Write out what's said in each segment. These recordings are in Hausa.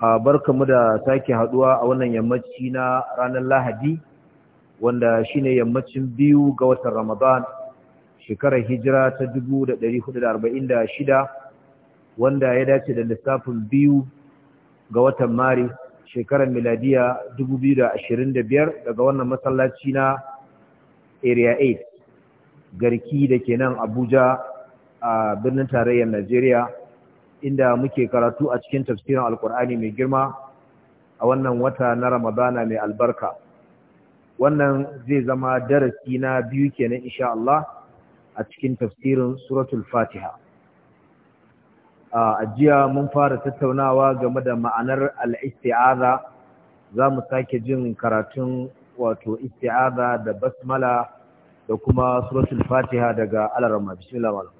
barkamu da sake haduwa a wannan yammaci na ranar lahadi wanda shine yammacin biyu ga watan ramadan shekarar hijira ta 1446 wanda ya dace da lissafin biyu ga watan mari shekarar miladiya 2025 daga wannan masallaci na area 8 garki da ke nan abuja a birnin tarayyar najeriya inda muke karatu a cikin tafsirin alkur'ani mai girma a wannan wata na ramadana mai albarka wannan zai zama darasi na biyu kenan insha Allah a cikin tafsirin suratul fatiha a jiya mun fara tattaunawa game da ma'anar al-isti'aza za mu sake jin karatun wato isti'aza da basmala da kuma suratul fatiha daga alarama bismillah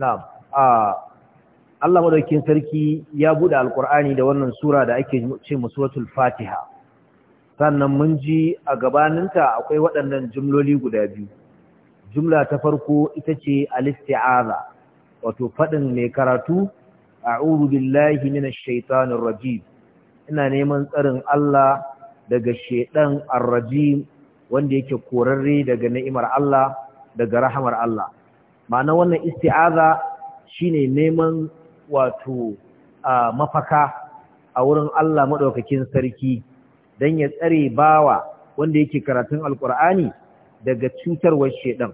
na'am Allah madaukin sarki ya buɗe Alƙur'ani da wannan sura da ake ce mu fatiha sannan mun ji a gabaninta akwai waɗannan jumloli guda biyu jumla ta farko ita ce al-isti'aza wato faɗin mai karatu a'udhu billahi minash shaitanir rajim ina neman tsarin Allah daga Shaitan ar-rajim wanda yake korarre daga ni'imar Allah daga rahamar Allah ma'ana wannan isti'aza shine neman wato mafaka a wurin Allah madaukakin sarki dan ya tsare bawa wanda yake karatun alqur'ani daga cutarwar shedan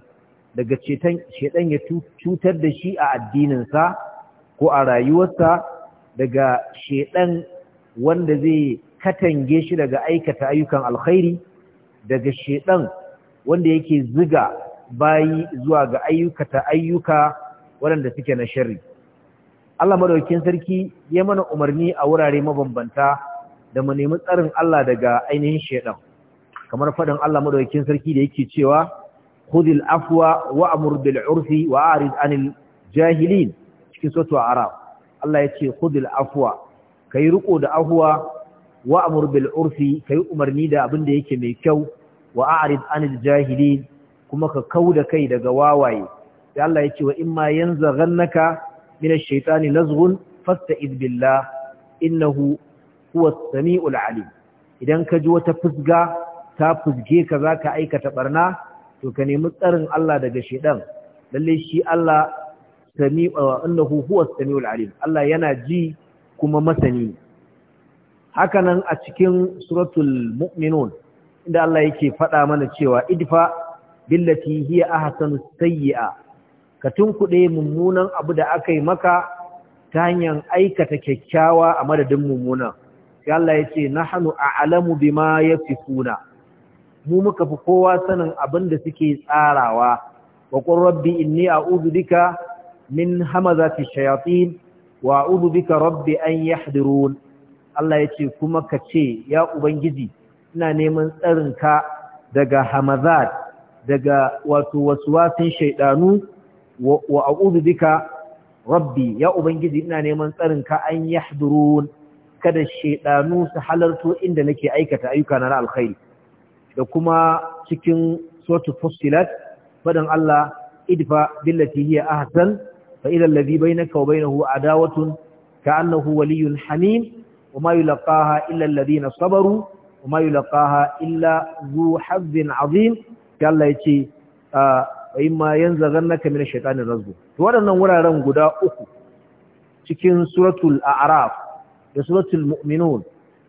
daga cetan shedan ya cutar da shi a addinin sa ko a rayuwarsa daga shedan wanda zai katange shi daga aikata ayyukan alkhairi daga shedan wanda yake ziga bayi zuwa ga ayyuka ta ayyuka waɗanda suke na sharri Allah madaukin sarki ya mana umarni a wurare mabambanta da mu nemi tsarin Allah daga ainihin shaidan. kamar faɗin Allah madaukakin sarki da yake cewa "Kudil afuwa wa amur bil urfi wa arid anil jahilin cikin a Arab. Allah ya ce "Kudil afuwa, ka yi riƙo da afuwa wa amur bil urfi yi umarni da abin da yake mai kyau wa a'rid anil jahilin kuma ka kauda kai daga wawaye sai Allah ya ce wa imma yanzaghannaka minash shaitani nazghun fasta'iz billah innahu huwas samiul alim idan ka ji wata fusga ta fusge ka za ka aikata barna to ka nemi tsarin Allah daga shedan lalle shi Allah sami'u uh, innahu huwas samiul alim Allah yana ji kuma masani hakanan a cikin suratul mu'minun inda Allah yake faɗa mana cewa idfa billati hiya ahsanu sayyi'a ka tunkude mummunan abu da aka yi maka ta hanyar aikata kyakkyawa a madadin mummunan sai Allah ya ce nahnu a'lamu bima yasifuna mu muka fi kowa sanin abin da suke tsarawa wa qur rabbi inni a'udhu bika min hamazati shayatin wa a'udhu bika rabbi an yahdurun Allah ya ce kuma ka ce ya ubangiji ina neman tsarinka daga hamazat daga wato waswasin shaidanu wa a'udhu bika rabbi ya ubangiji ina neman tsarin ka an yahdurun kada shaidanu su halarto inda nake aikata ayyuka na alkhairi da kuma cikin of fustilat fadan Allah idfa billati hiya ahsan fa idha alladhi bainaka wa bainahu adawatun ka'annahu waliyyun hamim وما يلقاها إلا الذين صبروا وما يلقاها إلا ذو حظ عظيم Allah ya ce a imma yanzaghannaka min ash-shaytanir razbu to waɗannan wuraren guda uku cikin suratul a'raf da suratul mu'minun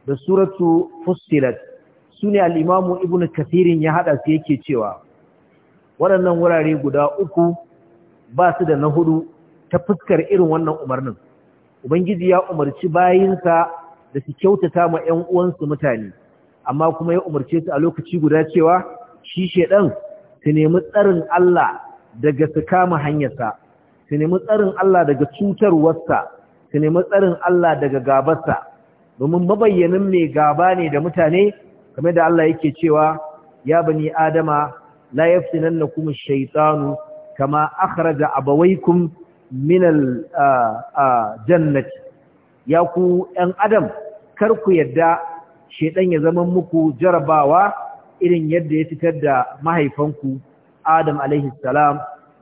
da suratu fussilat sune al-imamu ibnu kathirin ya haɗa su yake cewa waɗannan wurare guda uku ba su da na hudu ta fuskar irin wannan umarnin ubangiji ya umarci bayinsa da su kyautata ma 'yan uwansu mutane amma kuma ya umarce su a lokaci guda cewa shi shedan su nemi tsarin Allah daga su kama hanyarsa su nemi tsarin Allah daga cutarwarsa su nemi tsarin Allah daga gabarsa domin mabayyanin mai gaba ne da mutane kamar da Allah yake cewa ya bani adama la yaftinannakum ash-shaytanu kama akhraja abawaykum min al-jannati ya ku ɗan adam kar ku yadda shedan ya zama muku jarabawa irin yadda ya fitar da mahaifanku Adam alaihi salam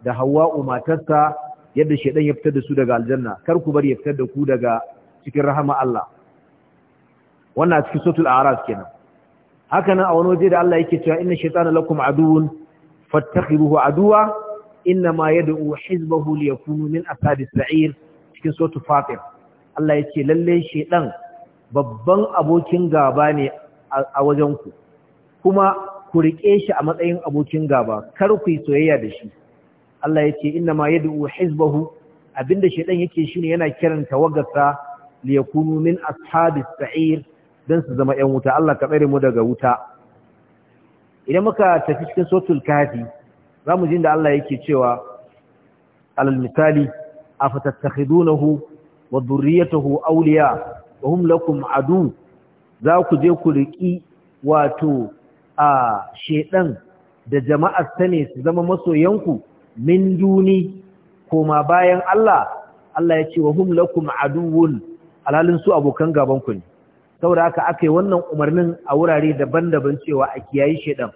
da Hawwa'u matarsa yadda shedan ya fitar da su daga aljanna kar ku bari ya fitar da ku daga cikin rahama Allah wannan cikin suratul a'raf kenan haka nan a wani waje da Allah yake cewa inna shaytana lakum aduwwun fattakhiruhu aduwa inna ma yad'u hizbahu liyakunu min ashabis sa'ir cikin suratul fatir Allah yake lalle shedan babban abokin gaba ne a wajen ku kuma ku riƙe shi a matsayin abokin gaba kar ku yi soyayya da shi Allah ya ce inna ma yad'u hizbahu abinda shedan yake ne yana kiran tawaggasa li yakunu min ashabis sa'ir dan su zama 'yan wuta Allah ka tsare mu daga wuta idan muka tafi cikin suratul kafi zamu ji da Allah yake cewa alal misali afatattakhidunahu wa dhurriyyatahu awliya wa hum lakum adu za ku je ku riki wato a shedan da jama'ar ta ne su zama masoyanku min duni koma bayan Allah Allah ya ce wa hum lakum aduwwun alalin su abokan gaban ku ne saboda haka akai wannan umarnin a wurare daban-daban cewa a kiyayi shedan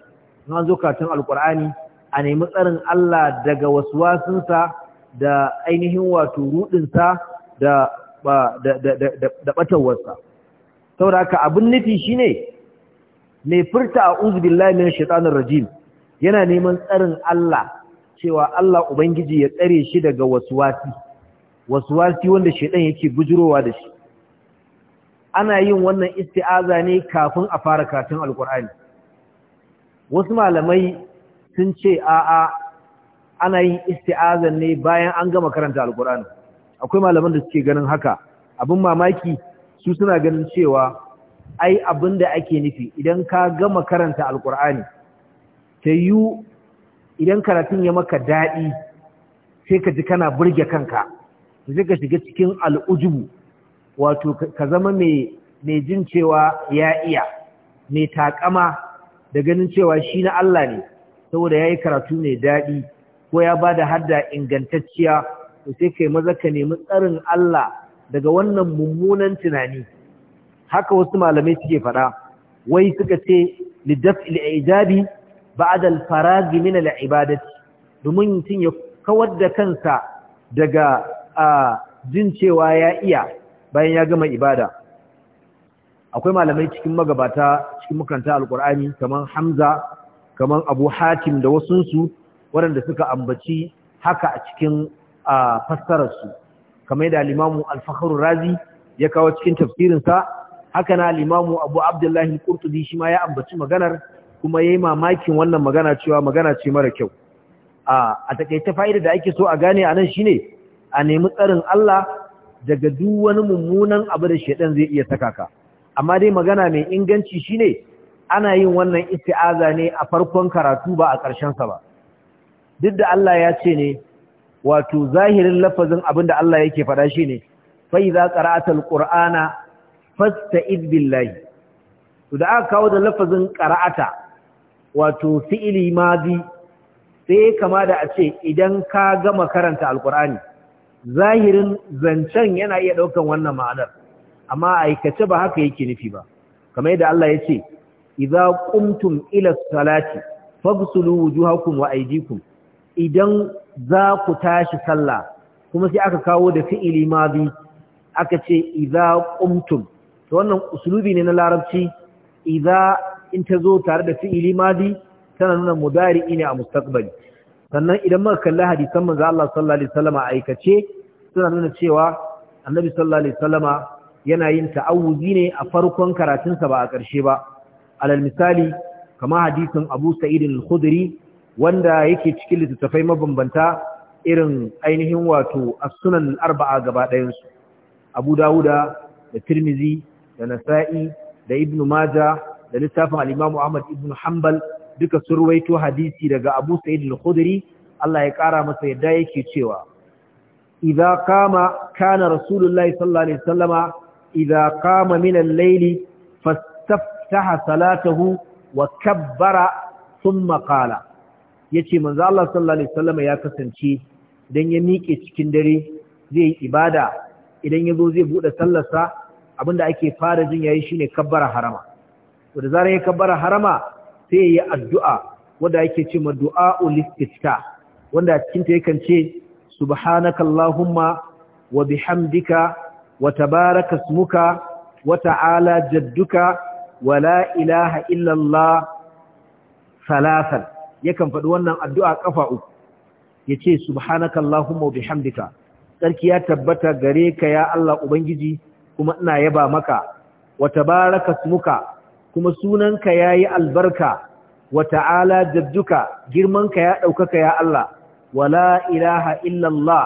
in an zo katun alqur'ani a nemi tsarin Allah daga waswasinsa da ainihin wato ruɗinsa da da da da, da, da, saboda haka abin nufi shine mai furta a uzubin min shaitanir rajim yana neman tsarin Allah cewa Allah ubangiji ya tsare shi daga wasu wasi wanda shaitan yake bujirowa da shi ana yin wannan isti'aza ne kafin a fara katin alkur'ani wasu malamai sun ce a'a ana yin isti'aza ne bayan an gama karanta alkur'ani akwai malaman da suke ganin haka abin mamaki su suna ganin cewa ai abin da ake nufi idan ka gama karanta alkur'ani ta yi idan karatun ya maka daɗi sai ka ji kana burge kanka sai ka shiga cikin al'ujubu wato ka zama mai jin cewa ya iya mai takama da ganin cewa shi na Allah ne saboda ya yi karatu mai daɗi ko ya ba da hadda ingantacciya sai kai maza ka nemi tsarin Allah daga wannan mummunan tunani haka wasu malamai suke faɗa wai suka ce lidaf'il ijabi ba'da al-faragi min al-ibadati domin mutum ya kawar da kansa daga jin cewa ya iya bayan ya gama ibada akwai malamai cikin magabata cikin makaranta al-qur'ani kamar hamza kamar abu hatim da wasunsu waɗanda suka ambaci haka a cikin fassararsu kamar yadda al alfakarun razi ya kawo cikin tafsirinsa haka na limamu abu abdullahi kurtubi shi ma ya ambaci maganar kuma ya yi mamakin wannan magana cewa magana ce mara kyau a takaita fa'ida da ake so a gane a nan shi ne a nemi tsarin Allah daga duk wani mummunan abu da shaɗan zai iya saka ka amma dai magana mai inganci shi ne ana yin wannan isti'aza ne a farkon karatu ba a sa ba duk da Allah ya ce ne wato zahirin lafazin abin da Allah yake faɗa shi ne fai za ƙara'atar ƙur'ana fasta'id billahi to da aka kawo da lafazin qara'ata wato fi'ili madi sai kama da a ce idan ka gama karanta alqur'ani zahirin zancen yana iya ɗaukan wannan ma'anar amma aikace ba haka yake nufi ba kamar yadda Allah ya ce idza qumtum ila salati faghsulu wujuhakum wa aydikum idan za ku tashi sallah kuma sai aka kawo da fi'ili madi aka ce idza qumtum to wannan usulubi ne na larabci idza in ta zo tare da fi'ili madi tana nuna mudari'i ne a mustaqbali sannan idan muka kalli hadisan manzo Allah sallallahu alaihi aikace suna nuna cewa annabi sallallahu alaihi wasallama yana yin ta'awuzi ne a farkon karatunsa ba a ƙarshe ba alal misali kama hadisin Abu Sa'id al-Khudri wanda yake cikin littattafai mabambanta irin ainihin wato as-sunan al-arba'a gaba ɗayan su Abu Dawuda da Tirmizi da nasa'i da ibnu maja da littafin al ahmad ibnu hanbal duka surwaito ruwaito hadisi daga abu sa'id al-khudri Allah ya ƙara masa yadda yake cewa idza kama kana rasulullahi sallallahu alaihi wasallama idza qama min al fastaftaha salatahu wa kabbara thumma qala yace manzo Allah sallallahu alaihi ya kasance dan ya miƙe cikin dare zai yi ibada idan yazo zai bude sallarsa abinda ake fara jin yayi shine kabbara harama to da zarar ya kabbara harama sai yayi addu'a wanda yake ce ma du'a'ul wanda cikin ta yakan ce subhanakallahumma wa bihamdika wa tabaraka ismuka wa ta'ala jadduka wa la ilaha illa Allah salasan yakan faɗi wannan addu'a kafa uku yace subhanakallahumma wa bihamdika sarki ya tabbata gare ka ya Allah ubangiji kuma ina yaba maka wa tabaraka smuka kuma sunanka yayi albarka wa ta'ala jadduka girmanka ya daukaka ya Allah wala ilaha illa Allah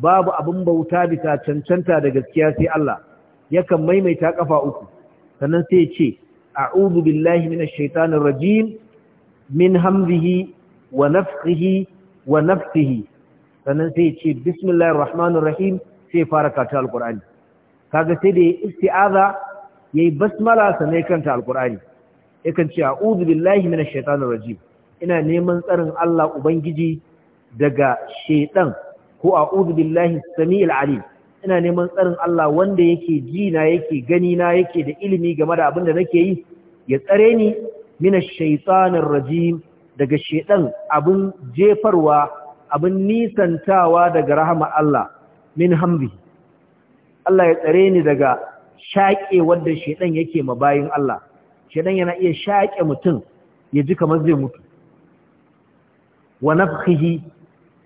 babu abin bauta bisa cancanta da gaskiya sai Allah yakan maimaita kafa uku sannan sai ya ce a'udhu billahi minash shaitanir rajim min hamzihi wa nafthihi wa nafsihi sannan sai ya ce bismillahir rahmanir rahim sai fara kata alqur'ani kaga sai da ya isti'aza yayi basmala sannan kanta alqur'ani yakan ce a'udhu billahi minash shaitanir rajim ina neman tsarin Allah ubangiji daga shaitan ko a'udhu billahi samiil alim ina neman tsarin Allah wanda yake ji na yake gani na yake da ilimi game da abin da nake yi ya tsare ni minash shaitanir rajim daga shaitan abin jefarwa abin nisantawa daga rahama Allah min hamdihi Allah ya tsare ni daga shaƙe wanda shaɗan yake ma bayin Allah Shaɗan yana iya shaƙe mutum ya ji kamar zai mutu wa nafkhihi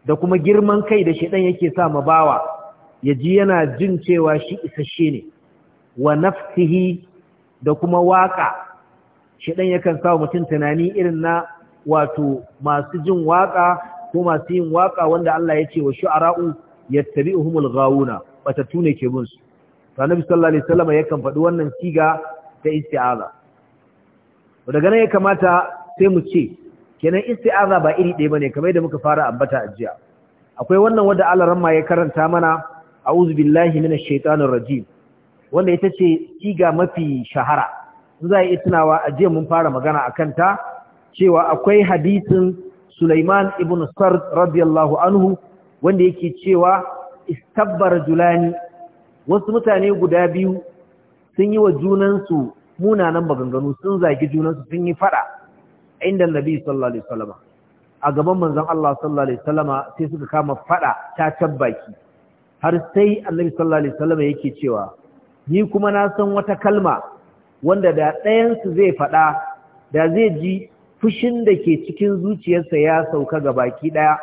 da kuma girman kai da shaɗan yake sa ma bawa ya ji yana jin cewa shi isasshe ne wa nafsihi da kuma waƙa, shaɗan yakan sa mutum tunani irin na wato masu jin waƙa ko masu yin waƙa wanda Allah ya ce wa shu'ara'u yattabi'uhumul ghawuna batattu ne ke bin su to annabi sallallahu alaihi wasallam yakan faɗi wannan siga ta isti'aza to daga nan ya kamata sai mu ce kenan isti'aza ba iri ɗaya bane kamar yadda muka fara ambata a jiya akwai wannan wanda Allah ramma ya karanta mana a'udhu billahi minash shaitanir rajim wanda ita ce siga mafi shahara in za a yi tunawa a jiya mun fara magana a kanta cewa akwai hadisin Sulaiman ibn Sard radiyallahu anhu wanda yake cewa istabbar julani wasu mutane guda biyu sun yi wa junansu munanan maganganu sun zagi junansu sun yi fada inda nabi sallallahu alaihi wasallama a gaban manzon Allah sallallahu alaihi wasallama sai suka kama fada ta tabbaki har sai annabi sallallahu alaihi wasallama yake cewa ni kuma na san wata kalma wanda da ɗayan su zai fada da zai ji fushin da ke cikin zuciyarsa ya sauka ga baki daya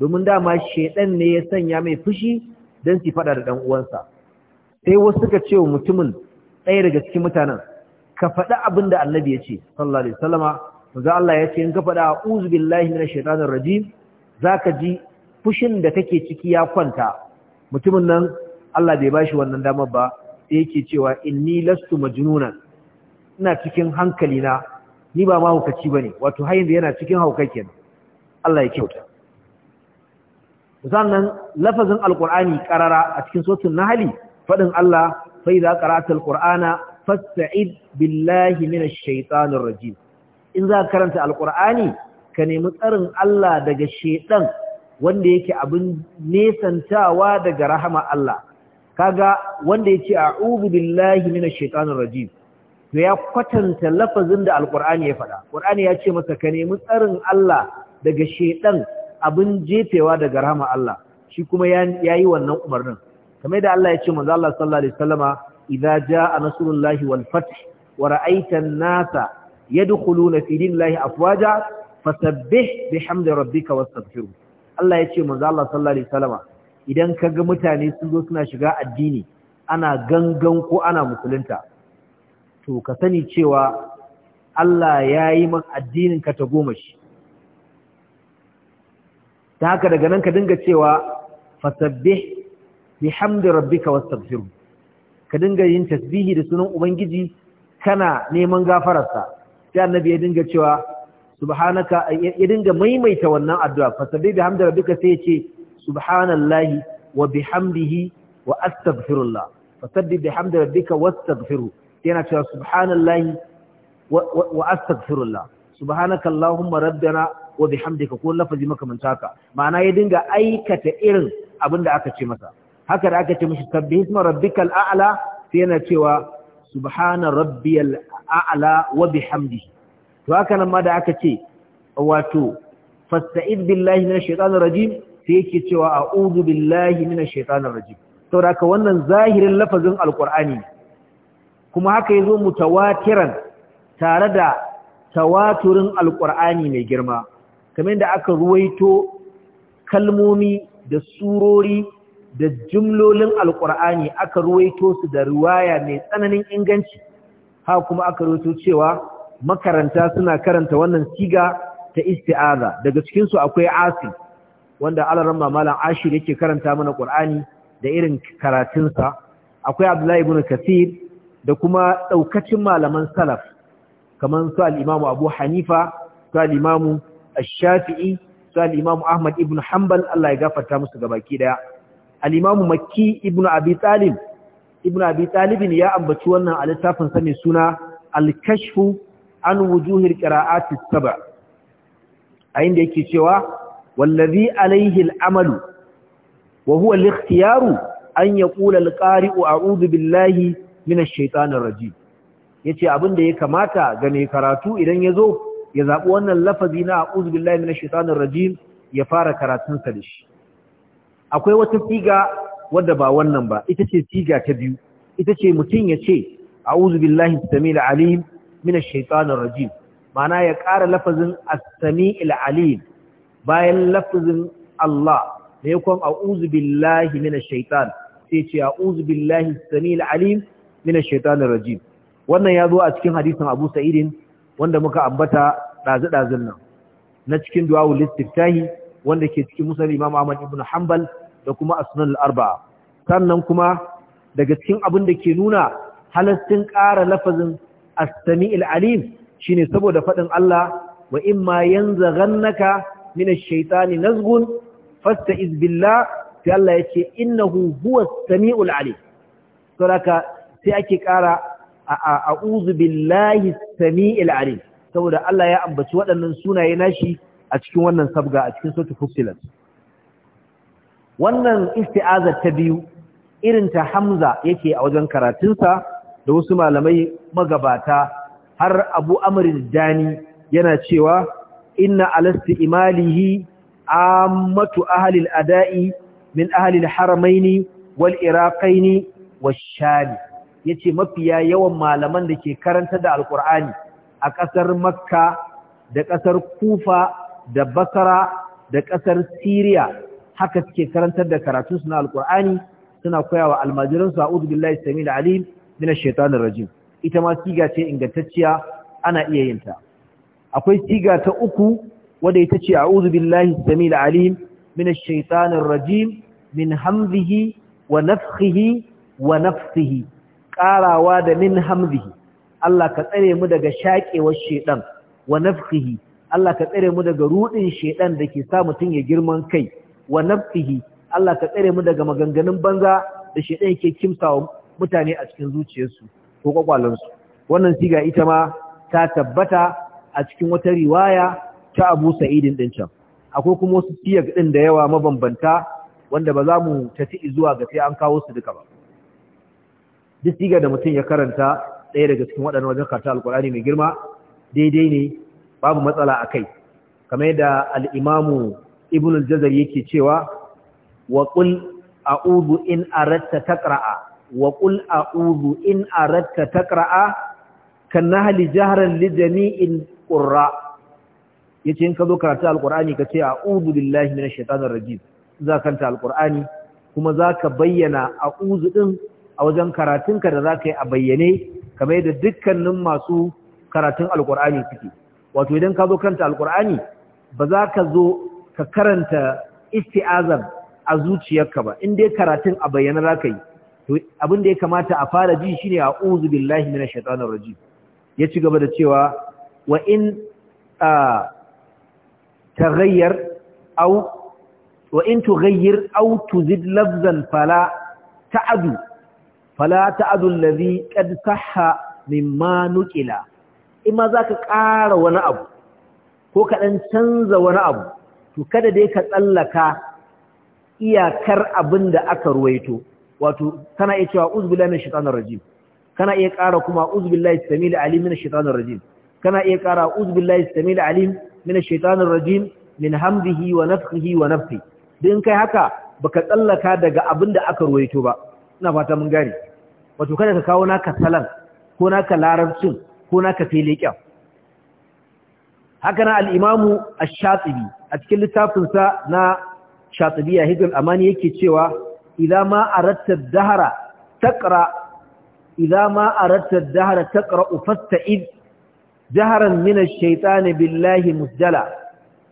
domin dama shaidan ne ya sanya mai fushi don su fada da dan uwansa sai wasu suka ce wa mutumin ɗaya daga cikin mutanen ka faɗi abin da annabi ya ce sallallahu alaihi wasallama manzo Allah ya ce in ka faɗa a'udhu billahi minash shaitanir rajim zaka ji fushin da kake ciki ya kwanta mutumin nan Allah bai bashi wannan damar ba sai yake cewa inni lastu majnunan ina cikin hankali na ni ba mahaukaci ne. wato har da yana cikin haukakken Allah ya kyauta sannan lafazin alqur'ani qarara a cikin suratul hali. fadin Allah fa idza qara'atal qur'ana fasta'id billahi minash shaitanir rajim in za ka karanta alqur'ani ka nemi tsarin Allah daga shedan wanda yake abin nesantawa daga rahama Allah kaga wanda yake a'udhu billahi minash shaitanir rajim to ya kwatanta lafazin da alqur'ani ya faɗa qur'ani ya ce masa ka nemi tsarin Allah daga shedan abin jefewa daga rahama Allah shi kuma ya yi wannan umarnin kamar da Allah ya ce manzo Allah sallallahu alaihi wasallama idza jaa nasrullahi wal fath wa ra'aita an-nasa yadkhuluna fi dinillahi afwaja fasabbih bihamdi rabbika wastaghfir Allah ya ce manzo Allah sallallahu alaihi wasallama idan kaga mutane sun zo suna shiga addini ana gangan ko ana musulunta to ka sani cewa Allah ya yi min addinin ka ta goma shi da haka daga nan ka dinga cewa fasabbih bihamdi rabbika wastaghfirhu ka dinga yin tasbihi da sunan ubangiji kana neman gafararsa sai annabi ya dinga cewa subhanaka ya dinga maimaita wannan addu'a fasabbih bihamdi rabbika sai ya ce subhanallahi wa bihamdihi wa astaghfirullah fasabbih bihamdi rabbika wastaghfirhu yana cewa subhanallahi wa astaghfirullah subhanaka allahumma rabbana wa bihamdika ko lafazi makamanta haka ma'ana ya dinga aikata irin abin da aka ce masa haka da aka ce mishi tabbih isma rabbikal a'la sai yana cewa subhana rabbiyal a'la wa bihamdihi to haka nan ma da aka ce wato fasta'id billahi minash shaitanir rajim sai yake cewa a'udhu billahi minash shaitanir rajim saboda wannan zahirin lafazin alqur'ani kuma haka yazo mutawatiran tare da tawaturin alƙur'ani mai girma kamar da aka ruwaito kalmomi da surori da jumlolin alƙur'ani aka ruwaito su da riwaya mai tsananin inganci ha kuma aka ruwaito cewa makaranta suna karanta wannan siga ta isti'aza daga cikin su akwai asim wanda alaran Malam ashir yake karanta mana ƙur'ani da irin karatunsa akwai abdullahi ibn kasir da kuma ɗaukacin malaman salaf kamar su al'imamu abu hanifa su al'imamu shafi'i su al'imamu ahmad ibn hanbal Allah ya gafarta musu gabaki daya al'imamu makki ibn abi talib ibn abi talibin ya ambaci wannan a littafin sa mai suna al-kashfu an wujuhil qira'ati saba a inda yake cewa wallazi alaihi al-amalu wa huwa al-ikhtiyaru an yaqula al-qari'u a'udhu billahi minash shaitanir rajim yace abin da ya kamata ga mai karatu idan ya zo ya zaɓi wannan lafazi na a'udhu billahi minash shaitanir rajim ya fara karatun sa da shi akwai wata siga wadda ba wannan ba ita ce siga ta biyu ita ce mutum ya ce a'udhu billahi samil alim minash shaitanir rajim ma'ana ya ƙara lafazin as-sami'il alim bayan lafazin Allah da yakon a'udhu billahi minash shaitan sai ce a'udhu billahi samil alim minash shaitanir rajim wannan ya zo a cikin hadisin Abu Sa'idin wanda muka ambata ɗazu-ɗazun nan na cikin du'aul istiftahi wanda ke cikin Musa, Imam Ahmad ibn Hanbal da kuma as-sunan al-arba'a sannan kuma daga cikin abin da ke nuna halastin ƙara lafazin as-sami'il alim shine saboda faɗin Allah wa imma yanzaghannaka min ash-shaytani Fasta, fasta'iz billah sai Allah yace innahu huwas sami'ul alim to sai ake ƙara a'udhu billahi samiil alim saboda Allah ya ambaci waɗannan sunaye nashi a cikin wannan sabga a cikin sautu fusilat wannan isti'azar ta biyu irin ta Hamza yake a wajen karatunsa da wasu malamai magabata har Abu Amr Dani yana cewa inna alasti imalihi ammatu ahli adai min ahli al-haramaini wal iraqaini wash-shami yace mafiya yawan malaman da ke karanta da alkur'ani a ƙasar makka da ƙasar kufa da basara da ƙasar siriya haka suke karantar da karatu suna alkur'ani suna koyawa almajiransu a udu billahi sami da alim mina shaitanin rajim ita ma siga ce ingantacciya ana iya yin ta akwai siga ta uku wadda ita ce a billahi sami da alim mina shaitanin rajim min hamzihi wa nafsihi wa nafsihi Ƙarawa da min hamzihi Allah ka tsare mu daga shaƙewar shedan wa nafsihi Allah ka tsare mu daga ruɗin shedan da ke sa mutum ya girman kai wa nafsihi Allah ka tsare mu daga maganganun banza da shedan yake kimsawa mutane a cikin zuciyarsu ko ƙwaƙwalansu. wannan siga ita ma ta tabbata a cikin wata riwaya ta Abu Sa'idin din can akwai kuma wasu siyag ɗin da yawa mabambanta wanda ba za mu tafi zuwa ga sai an kawo su duka ba duk siga da mutum ya karanta ɗaya daga cikin waɗannan wajen karta alƙulani mai girma daidai ne babu matsala a kai kamar yadda al'imamu ibn al-jazar yake cewa wa a a'udhu in ta taqra'a wa a a'udhu in ta taqra'a kan nahli jahran li jami'il ya ce in ka zo karatu alqur'ani ka ce a'udhu lillahi minash shaitanir rajim za ka kanta alqur'ani kuma za ka bayyana uzu din a wajen karatunka da za ka yi a bayyane kamar yadda dukkanin masu karatun alkur'ani suke wato idan ka zo karanta alkur'ani ba za ka zo ka karanta isti'azar a zuciyarka ba in dai karatun a bayyane za ka yi to abin da ya kamata a fara ji shine a'udhu billahi minash shaitanir rajim ya ci gaba da cewa wa in taghayyar aw wa in tughayyir aw tuzid lafzan fala ta'adu fala ta'adu allazi qad sahha mimma nuqila imma zaka ƙara wani abu ko ka dan canza wani abu to kada dai ka tsallaka iyakar abinda aka ruwaito wato kana iya cewa uzbillahi minash shaitanir rajim kana iya ƙara kuma uzbillahi samil alim minash shaitanir rajim kana iya ƙara uzbillahi samil alim minash shaitanir rajim min hamdihi wa nafthihi wa nafthi din kai haka baka tsallaka daga abinda aka ruwaito ba ina fata mun gane wato kada ka kawo naka salan ko naka larabcin ko naka filiƙin haka na al'imamu a shatsibi a cikin littafinsa na shatsibiya hijir amani yake cewa idan ma a rattar dahara taƙara a rattar dahara ufasta id daharan minar shaitani billahi musdala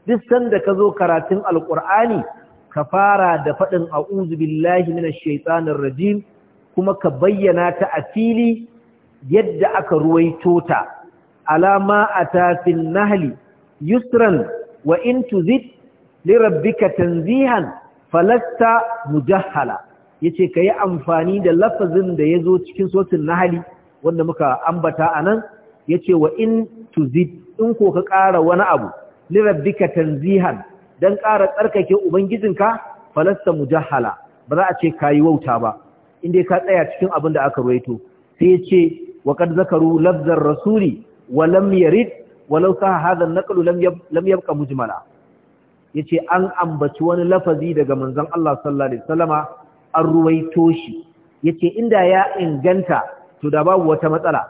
duk sanda ka zo karatun alƙur'ani ka fara da faɗin a'udhu billahi minash shaitanir rajim kuma ka bayyana ta a fili yadda aka ruwaito ta alama a tafin nahli yusran wa in tuzid li rabbika tanzihan falasta mujahhala yace kai amfani da lafazin da yazo cikin sotin nahli wanda muka ambata anan yace wa in tuzid in ko ka ƙara wani abu li rabbika tanzihan don ƙara tsarkake ubangijinka falasta mujahala ba za a ce kayi wauta ba inda ka tsaya cikin abin da aka ruwaito sai ya ce wa kad zakaru lafzar rasuli wa lam yarid walau sa hadha an lam yabqa mujmala yace an ambaci wani lafazi daga manzon Allah sallallahu alaihi wasallama an ruwaito shi yace inda ya inganta to da babu wata matsala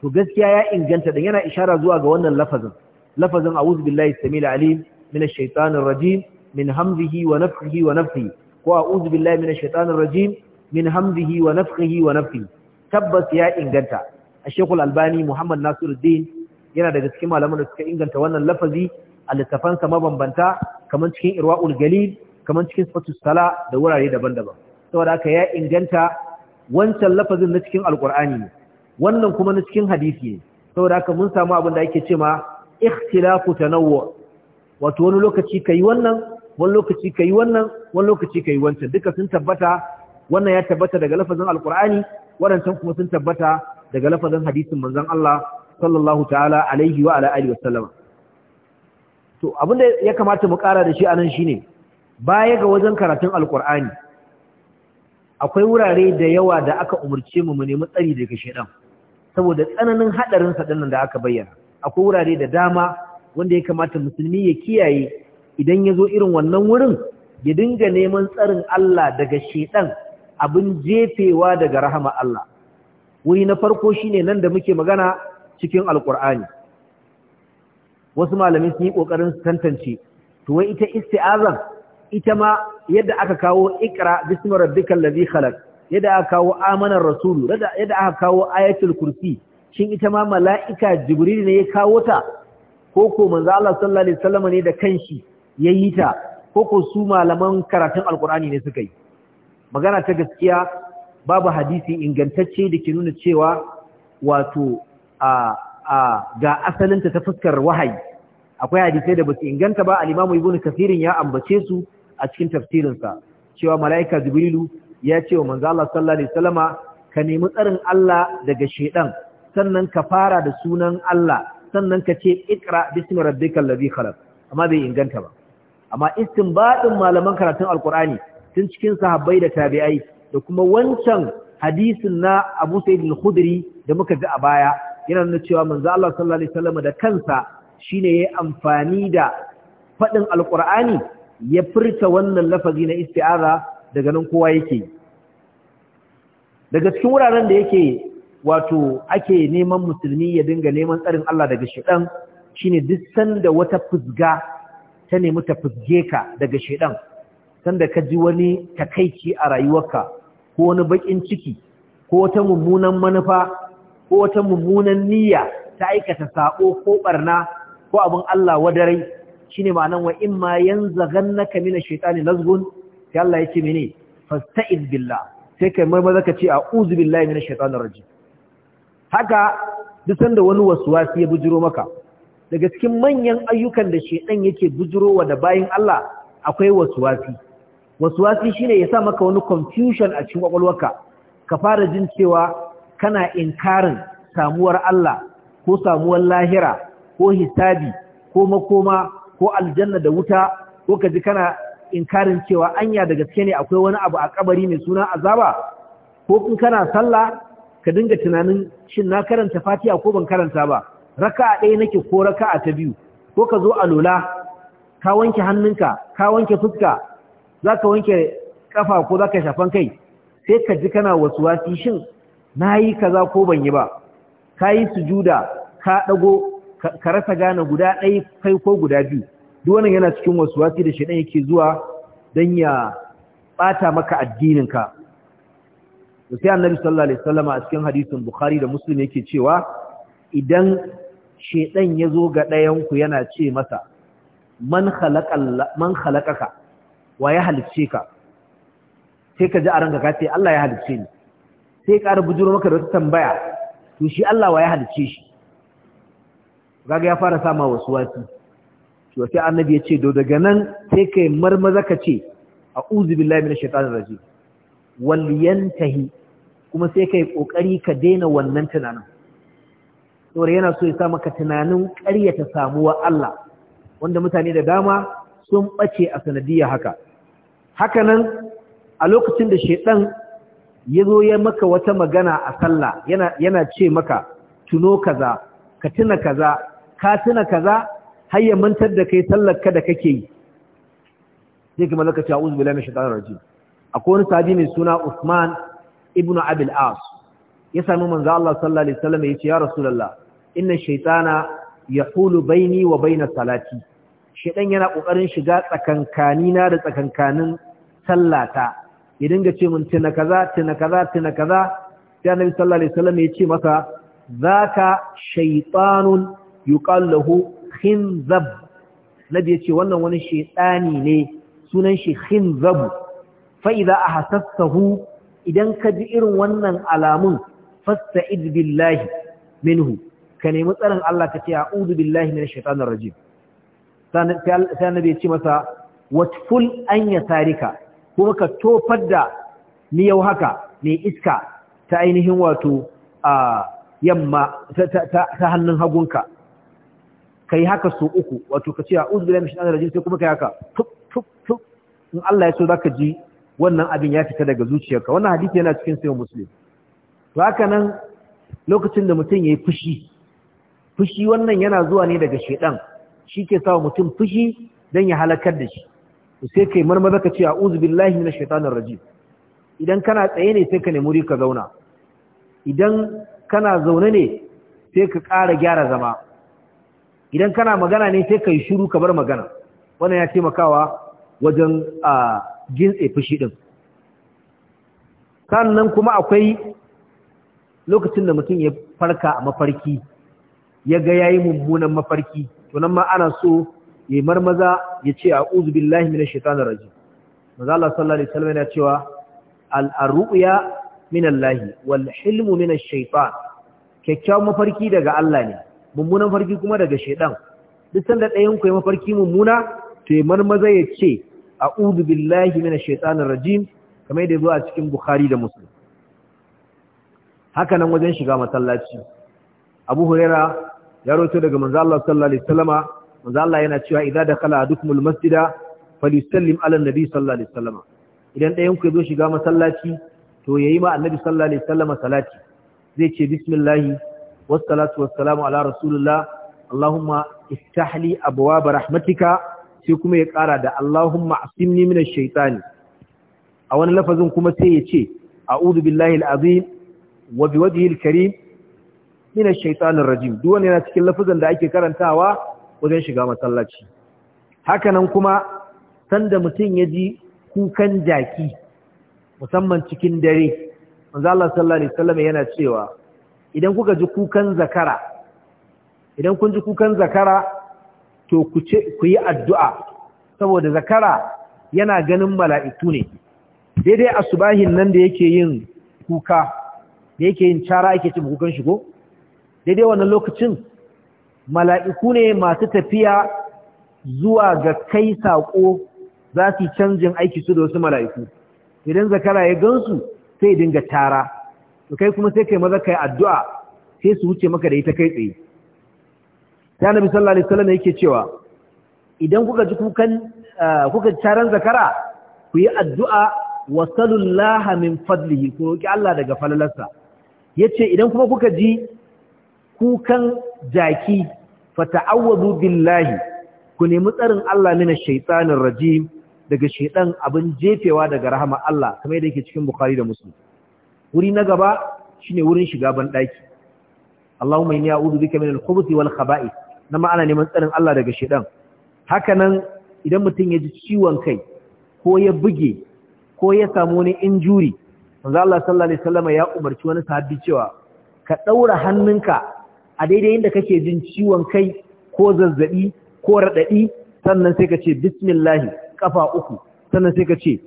to gaskiya ya inganta dan yana ishara zuwa ga wannan lafazin lafazin a'udhu billahi samil alim من الشيطان الرجيم من همزه ونفخه ونفثه mina بالله من الشيطان الرجيم من همزه ونفخه ونفثه تبس يا إنجنتا الشيخ الألباني محمد ناصر الدين yana daga cikin malaman da suka inganta wannan lafazi a littafansa mabambanta kamar cikin irwa'ul galil kamar cikin sifatus sala da wurare daban-daban saboda haka ya inganta wancan lafazin na cikin alkur'ani wannan kuma na cikin hadisi ne saboda haka mun samu abin da ake cewa ikhtilafu tanawwu wato wani lokaci ka yi wannan wani lokaci ka yi wannan wani lokaci ka yi wancan duka sun tabbata wannan ya tabbata daga lafazin alkur'ani waɗancan kuma sun tabbata daga lafazin hadisin manzon Allah sallallahu ta'ala alaihi wa ala alihi wasallam to abinda ya kamata mu ƙara da shi anan shine baya ga wajen karatun alkur'ani akwai wurare da yawa da aka umarce mu mu nemi tsari daga shedan saboda tsananin hadarin sa da aka bayyana akwai wurare da dama wanda ya kamata musulmi ya kiyaye idan ya zo irin wannan wurin ya dinga neman tsarin Allah daga shedan abin jefewa daga rahama Allah wuri na farko shine nan da muke magana cikin alkur'ani wasu malamai sun yi ƙoƙarin su tantance to wai ita isti'azan ita ma yadda aka kawo ikra bismi rabbikal ladhi khalaq yadda aka kawo amanar rasulu yadda aka kawo ayatul kursi shin ita ma mala'ika jibril ne ya kawo ta Koko manzo Allah sallallahu alaihi wasallam ne da kanshi yayi ta koko su malaman karatun alkur'ani ne suka yi magana ta gaskiya babu hadisi ingantacce da ke nuna cewa wato a a ga asalinta ta fuskar wahayi akwai hadisai da basu inganta ba al-Imam Ibn Kathir ya ambace su a cikin tafsirinsa cewa mala'ika Jibrilu ya ce wa manzo Allah sallallahu alaihi wasallama ka nemi tsarin Allah daga shedan sannan ka fara da sunan Allah sannan ka ce ikra bismi rabbikal ladhi khalaq amma bai inganta ba amma istinbadin malaman karatun alqur'ani tun cikin sahabbai da tabi'ai da kuma wancan hadisin na Abu Sa'id al-Khudri da muka ji a baya yana nuna cewa manzo Allah sallallahu alaihi wasallam da kansa shine yayi amfani da fadin alqur'ani ya furta wannan lafazi na isti'aza daga nan kowa yake daga cikin wuraren da yake wato ake neman musulmi ya dinga neman tsarin Allah daga Shi ne duk sanda wata fusga ta nemi ta fusge ka daga shedan sanda ka ji wani takaici a rayuwarka ko wani bakin ciki ko wata mummunan manufa ko wata mummunan niyya ta aikata sako ko barna ko abin Allah wadarai shine ma'anan wa imma yanzaghannaka minash shaitani nazgun sai Allah yace mene fasta'iz billah sai kai marmar maza ka ce a'udhu billahi shaiɗan shaitanir rajim haka duk sanda wani wasu ya bujiro maka daga cikin manyan ayyukan da shedan yake bujirowa da bayan Allah akwai wasu wasu shi shine ya sa maka wani confusion a cikin kwakwalwarka ka fara jin cewa kana inkarin samuwar Allah ko samuwar lahira ko hisabi ko makoma ko aljanna da wuta ko ka ji kana inkarin cewa anya da gaske ne akwai wani abu a kabari mai suna azaba ko kun kana sallah ka dinga tunanin shin na karanta fatiya ko ban karanta ba raka'a ɗaya nake ko raka'a ta biyu ko ka zo a lola ka wanke hannunka ka wanke fuska za ka wanke kafa ko za ka shafan kai sai ka ji kana wasuwasi shin na yi kaza ko ban yi ba ka yi sujuda ka ɗago ka rasa gane guda ɗaya kai ko guda biyu duk wannan yana cikin wasu wasuwasi da shaɗan yake zuwa don ya ɓata maka addininka sai annabi sallallahu alaihi wasallama a cikin hadisin bukhari da muslim yake cewa idan shedan yazo ga ɗayan ku yana ce masa man khalaqa man khalaqaka wa ya halicce ka sai ka ji a ranka ka ce Allah ya halicce ni sai ka bujuro maka da wata tambaya to shi Allah wa ya halicce shi kaga ya fara sama wasu wasi to sai annabi ya ce do daga nan sai kai marmaza ka ce a'udhu billahi minash shaitanir rajim walyantahi kuma sai kai kokari ka daina wannan tunanin saboda yana so ya sa maka tunanin ta samuwa Allah wanda mutane da dama sun bace a sanadiyya haka Haka nan, a lokacin da shedan ya zo ya maka wata magana a sallah yana yana ce maka tuno kaza ka tuna kaza ka tuna kaza har ya mantar da kai sallar ka da kake yi sai kuma lokaci a'udhu billahi minash shaitanir rajim akwai wani sahabi mai suna Usman ibn al As ya sami manzo Allah sallallahu alaihi wasallam ya ce ya Rasulullah inna shaytana yahulu baini wa baina salati shedan yana kokarin shiga tsakankanina na da tsakankanin sallata ya dinga ce mun tuna kaza tuna kaza tuna kaza sai annabi sallallahu alaihi wasallam ya ce masa zaka shaytanun yuqal lahu khinzab nabi ya ce wannan wani shaytani ne sunan shi hinzab. fa'iza a hasassahu idan ka ji irin wannan alamun fasta'id billahi minhu ka nemi tsarin Allah ka ce a'udu billahi minash shaitanir rajim sai annabi ya ce masa watful an yasarika kuma ka tofar da miyau haka mai iska ta ainihin wato a yamma ta hannun hagunka yi haka so uku wato ka ce a'udhu billahi minash shaitanir rajim sai kuma ka yi haka Tuk tuk tuk in Allah ya so ka ji wannan abin ya fita daga zuciyarka wannan hadisi yana cikin sayin muslim to haka nan lokacin da mutum ya yi fushi fushi wannan yana zuwa ne daga shaidan shi ke sa mutum fushi don ya halakar da shi sai kai marmaza ka ce a billahi na shaitanir rajim idan kana tsaye ne sai ka nemi wuri ka zauna idan kana zaune ne sai ka ƙara gyara zama idan kana magana ne sai ka yi shiru ka bar magana wannan ya taimakawa wajen a ah, gintse fushi din sannan kuma akwai lokacin da mutum ya farka a mafarki ya ga yayi mummunan mafarki to nan ma ana so ya marmaza ya ce a'udhu billahi minash shaitanir rajim Maza Allah sallallahu alaihi wasallam ya cewa al-ru'ya minallahi wal hilmu minash shaitan kyakkyawan mafarki daga Allah ne mummunan farki kuma daga shaitan duk sanda ɗayan ku ya mafarki mummuna to ya marmaza ya ce a'udhu billahi minash shaitanir rajim kamar yadda zuwa cikin bukhari da muslim haka nan wajen shiga masallaci abu huraira ya roto daga manzo Allah sallallahu alaihi wasallama manzo Allah yana cewa idza dakhala adukumul masjida falyusallim ala nabi sallallahu alaihi wasallama idan ɗayan ku zo shiga masallaci to yayi ma annabi sallallahu alaihi wasallama salati zai ce bismillah wassalatu wassalamu ala rasulillah allahumma iftah li abwaab rahmatika sai kuma ya ƙara da Allahumma asimni minash shaitani a wani lafazin kuma sai ya ce a'udhu billahi al-azim wa biwajhihi al-karim minash shaitanir rajim duk yana cikin lafazin da ake karantawa wajen shiga masallaci hakanan kuma sanda mutum ya ji kukan jaki musamman cikin dare manzo Allah sallallahu alaihi wasallam yana cewa idan kuka ji kukan zakara idan kun ji kukan zakara to ku yi addu'a saboda zakara yana ganin mala'iku ne daidai asubahin nan da yake yin kuka da yake yin cara yake cin kukan shigo daidai wannan lokacin mala'iku ne masu tafiya zuwa ga kai saƙo za su canjin aiki su da wasu mala'iku idan zakara ya gansu sai dinga tara to kai kuma sai kai maza kai addu'a sai su wuce maka da ita kai tsaye sai annabi sallallahu alaihi wasallam yake cewa idan kuka ji kukan eh, kuka taran zakara ku yi addu'a wasalullaha min fadlihi ku roki Allah daga falalarsa yace idan kuma kuka ji kukan jaki fata'awwadu billahi ku nemi tsarin Allah mina shaitanir rajim daga shaiɗan abin jefewa daga rahama Allah kamar yadda yake cikin Bukhari da Muslim wuri na gaba shine wurin shiga ban daki Allahumma inni a'udhu bika minal khubuthi wal khaba'ith na ma'ana neman tsarin Allah daga shedan hakanan idan mutum ya ji ciwon kai ko ya buge ko ya samu wani injuri wanzu Allah sallallahu alaihi Wasallama ya umarci wani sahabi cewa ka daura hannunka a daidai inda kake jin ciwon kai ko zazzaɓi ko raɗaɗi, sannan sai ka ce Bismillahi, ƙafa uku sannan sai ka ce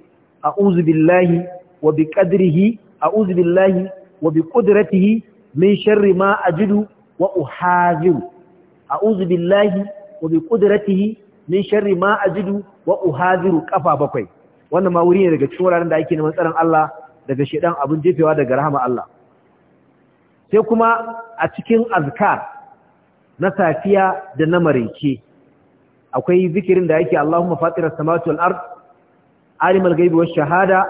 billahi wa bi ƙadirihi, billahi wa biqudratihi min sharri ma ajidu wa uhaziru a'udhu billahi wa bi qudratihi min sharri ma ajidu wa uhadiru kafa bakwai wannan ma wuri ne daga cikin wuraren da ake neman tsaron Allah daga shedan abun jefewa daga rahama Allah sai kuma a cikin azkar na safiya da na maraice akwai zikirin da yake Allahumma fatiras samawati wal ard alimul ghaibi wash shahada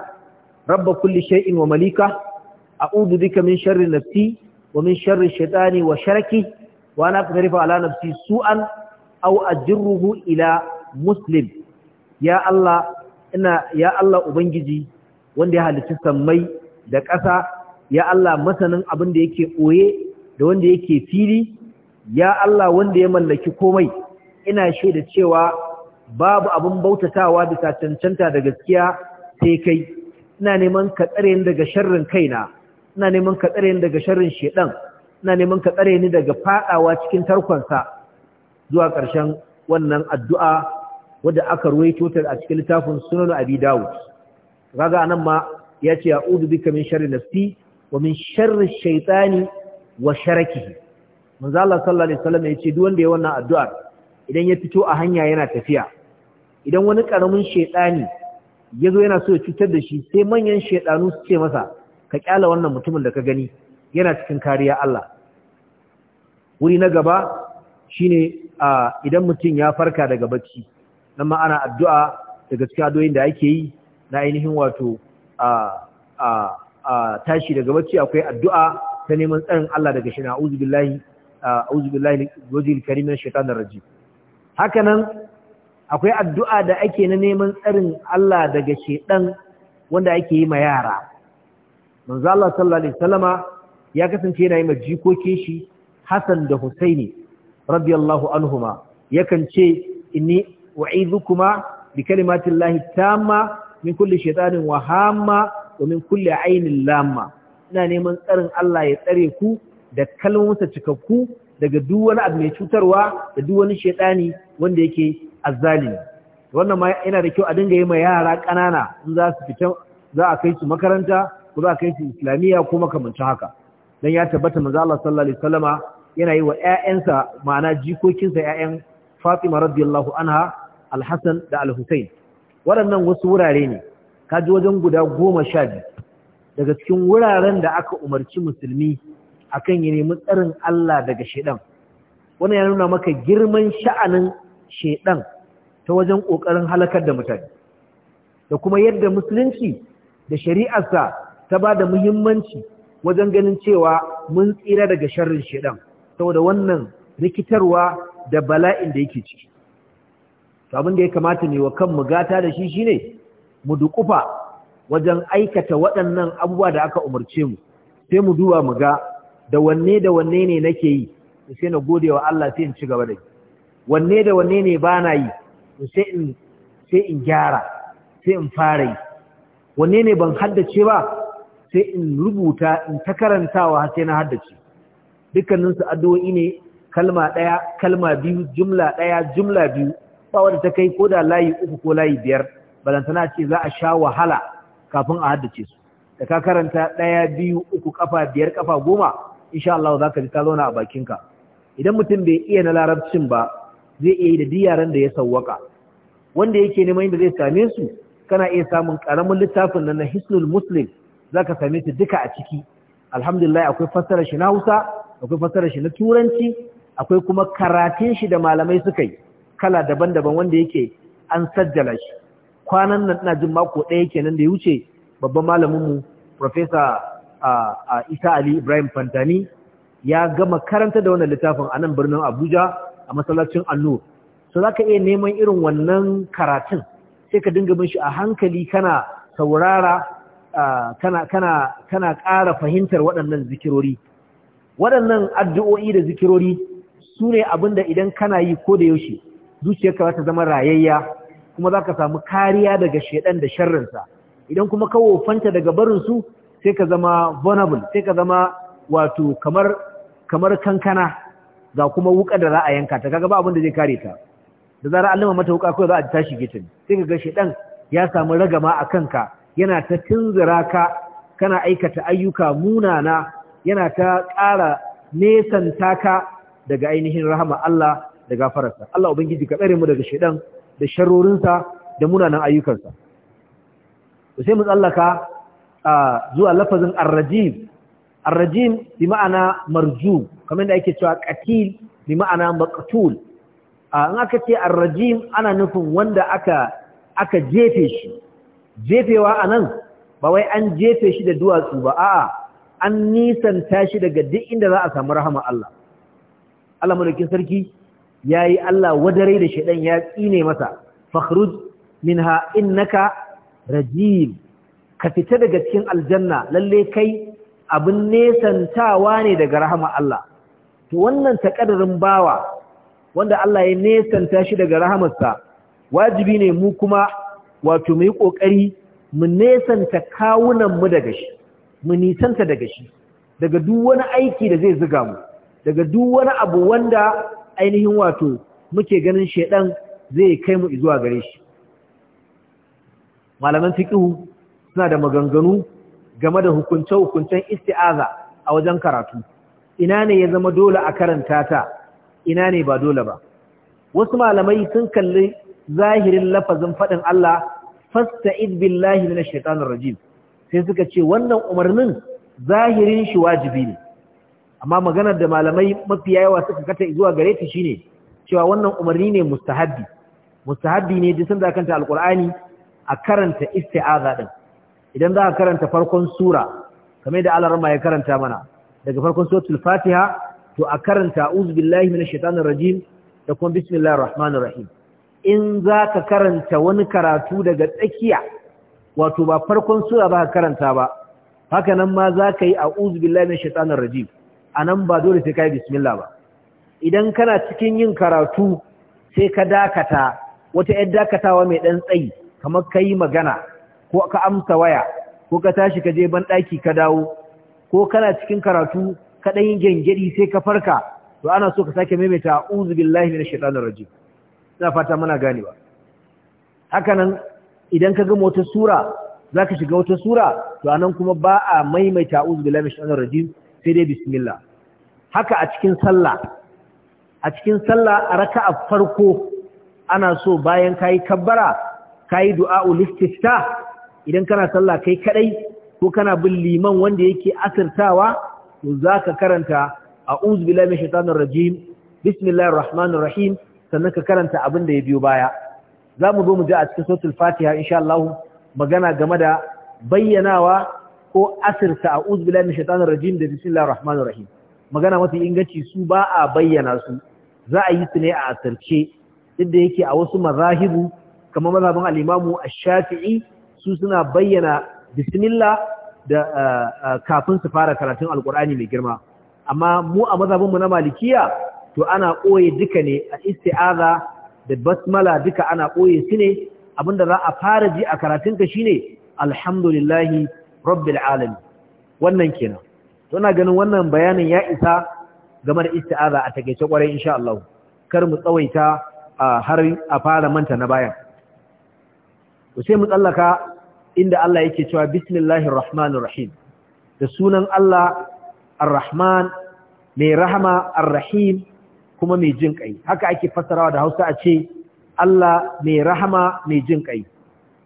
rabb kulli shay'in wa malika a'udhu bika min sharri nafsi wa min sharri wa sharaki وانا اقترف على نفسي سوءا او اجره الى ila muslim ya Allah يا الله ubangiji wanda ya halicci samai da ƙasa ya Allah masanin abin da yake ɓoye da wanda yake fili ya Allah wanda ya mallaki komai ina shaida cewa babu abin bautatawa da cancanta da gaskiya sai kai ina neman ka tsare daga sharrin kaina ina neman ka tsare daga sharrin shedan ina neman ka tsare ni daga fadawa cikin tarkonsa zuwa ƙarshen wannan addu'a wadda aka ruwaito ta a cikin littafin sunan abi dawud kaga anan ma ya ce a'udhu bika min sharri nafsi wa min sharri shaytani wa sharaki? manzo Allah sallallahu alaihi wasallam ya ce duk wanda ya wannan addu'a idan ya fito a hanya yana tafiya idan wani karamin ya zo yana so ya cutar da shi sai manyan shaytanu su ce masa ka kyala wannan mutumin da ka gani yana cikin kariya Allah wuri na gaba shine idan mutum ya farka daga bacci nan ma ana addu'a daga cikin addu'o'in da ake yi na ainihin wato tashi daga bacci akwai addu'a ta neman tsarin Allah daga shi na auzu billahi auzu billahi wajil karimin shaitanir rajim haka nan akwai addu'a da ake na neman tsarin Allah daga shaitan wanda ake yi ma yara manzo Allah sallallahu alaihi wasallama ya kasance yana yi ma jikokin shi Hassan da Husaini radiyallahu anhuma yakan ce inni wa'idukuma bi kalimatin lahi tamma min kulli shaytanin wa hamma wa min kulli ainin lamma ina neman tsarin Allah ya tsare ku da kalmomsa cikakku daga duk wani abu mai cutarwa da duk wani shaytani wanda yake azzalimi wannan ma yana da kyau a dinga yi ma yara ƙanana in za su fita za a kai su makaranta ko za a kai su islamiyya ko makamancin haka dan ya tabbata manzo Allah sallallahu alaihi wasallama yana yi wa 'ya'yansa ma'ana jikokinsa 'ya'yan Fatima radiyallahu anha al da Al-Husayn waɗannan wasu wurare ne ka ji wajen guda goma sha biyu daga cikin wuraren da aka umarci musulmi akan yi nemi tsarin Allah daga shaɗan wannan ya nuna maka girman sha'anin shedan ta wajen kokarin halakar da mutane da kuma yadda musulunci da shari'arsa ta ba da muhimmanci wajen ganin cewa mun tsira daga sharrin shaɗan saboda wannan rikitarwa da bala'in da yake ciki to abin da ya kamata ne wa mu gata da shi shi ne mu dukufa wajen aikata waɗannan abubuwa da aka umarce mu sai mu duba mu ga da wanne da wanne ne nake yi sai na gode wa Allah sai in ci gaba da yi wanne da wanne ne ba na yi sai sai in gyara sai in fara yi wanne ne ban haddace ba sai in rubuta in ta karantawa sai na haddace dukkaninsu addu'o'i ne kalma ɗaya kalma biyu jumla ɗaya jumla biyu ba wanda ta kai ko da layi uku ko layi biyar balantana ce za a sha wahala kafin a haddace su da ka karanta ɗaya biyu uku kafa biyar kafa goma insha Allah za ka ji ta zauna a bakinka idan mutum bai iya na larabcin ba zai iya yi da diyaran da ya sawwaka wanda yake neman yadda zai same su kana iya samun karamin littafin nan na hisnul muslim Za ka same ta duka a ciki alhamdulillah akwai fassarar shi na Hausa akwai fassarar shi na Turanci akwai kuma karatun shi da malamai suka yi kala daban-daban wanda yake an sajjala shi kwanan nan ina jin mako ɗaya kenan da ya wuce babban malamin mu professor Isa Ali Ibrahim Fantani ya gama karanta da wannan littafin a nan birnin Abuja a masallacin Annur so zaka iya neman irin wannan karatun sai ka dinga bin shi a hankali kana saurara kana ƙara fahimtar waɗannan zikirori waɗannan addu'o'i da zikirori su ne abinda idan kana yi ko da yaushe zuciyarka za ta zama rayayya kuma za ka samu kariya daga shaidan da sharrinsa idan kuma kawo fanta daga barinsu sai ka zama vulnerable sai ka zama wato kamar kankana ga kuma wuka da za a yanka ta kaga ba abin da zai kare ta da zarar an lima mata wuka kawai za a tashi gitin sai ka ga shaidan ya samu ragama a kanka yana ta tunzura ka kana aikata ayyuka munana yana ta ƙara nesanta ka daga ainihin rahama Allah da gafararsa Allah ubangiji ka tsare mu daga shedan da sharorinsa da munanan ayyukansa to sai mu tsallaka a zuwa lafazin ar-rajim ar-rajim bi ma'ana marju kamar da ake cewa qatil bi ma'ana maqtul in aka ce ar-rajim ana nufin wanda aka aka jefe shi jefewa a nan ba wai an jefe shi da duwatsu ba a'a an nisanta shi daga duk inda za a samu rahama Allah Allah mulkin sarki yayi Allah wadare da ɗan ya tsine masa fakhruj minha naka? rajim ka fita daga cikin aljanna lalle kai abin nesantawa ne daga rahama Allah to wannan takaddarin bawa wanda Allah ya nesanta shi daga rahamarsa wajibi ne mu kuma wato mu yi ƙoƙari mu nesanta kawunanmu daga shi mu nisanta daga shi daga duk wani aiki da zai zuga mu daga duk wani abu wanda ainihin wato muke ganin shedan zai kai mu zuwa gare shi malaman fiqhu suna da maganganu game da hukunce-hukuncen isti'aza a wajen karatu ina ne ya zama dole a karanta ta ina ne ba dole ba wasu malamai sun kalli zahirin lafazin faɗin Allah fasta'id billahi na shaitanir rajim sai suka ce wannan umarnin zahirin shi wajibi ne amma maganar da malamai mafiya yawa suka kata zuwa gare ta shine cewa wannan umarni ne mustahabbi mustahabbi ne duk sanda kanta alqur'ani a karanta isti'aza din idan za ka karanta farkon sura kamar da alarma ya karanta mana daga farkon suratul fatiha to a karanta a'udhu billahi minash shaitanir rajim da kuma bismillahir rahmanir rahim in za ka karanta wani karatu daga tsakiya wato ba farkon sura ba karanta ba haka nan ma za ka yi a uzubillah mai shaitanar rajim a nan ba dole sai ka yi bismillah ba idan kana cikin yin karatu sai ka dakata wata ‘yar dakatawa mai ɗan tsayi kamar ka yi magana ko ka amsa waya ko ka tashi ka je ban ɗaki ka dawo ko kana cikin karatu ka ɗan yi gyangyaɗi sai ka farka to ana so ka sake maimaita uzubillahi mai shaitanar rajim na fata muna ba. hakanan idan ka gama wata sura za ka shiga wata sura to anan kuma ba a maimaita uzu da min shaitanir rajim sai dai bismillah haka a cikin sallah a cikin sallah a raka a farko ana so bayan ka kayi kabbara yi du'a listiftah idan kana sallah kai kadai ko kana bin liman wanda yake asirtawa to za ka karanta a a'udhu billahi minash shaitanir rajim bismillahir rahmanir rahim sannan ka karanta abin da ya biyo baya za mu zo mu ji a cikin sautul fatiha insha Allah magana game da bayyanawa ko asirta a billahi minash shaitanir rajim da bismillahir rahmanir rahim magana mafi inganci su ba a bayyana su za a yi su ne a asirce duk da yake a wasu mazahibu kamar mazhabin al-imamu ash-shafi'i su suna bayyana bismillah da kafin su fara karatun alqur'ani mai girma amma mu a mu na malikiya to ana ɓoye duka ne a isti'aza da basmala duka ana ɓoye su ne abinda za a fara ji a karatun ka shine alhamdulillahi rabbil alamin wannan kenan to ina ganin wannan bayanin ya isa game da isti'aza a takeice kwarai insha Allah kar mu tsawaita har a fara manta na bayan to sai mu tsallaka inda Allah yake cewa bismillahir rahmanir rahim da sunan Allah ar-rahman mai rahama ar-rahim kuma mai jin kai haka ake fassarawa da Hausa a ce Allah mai rahama mai jin kai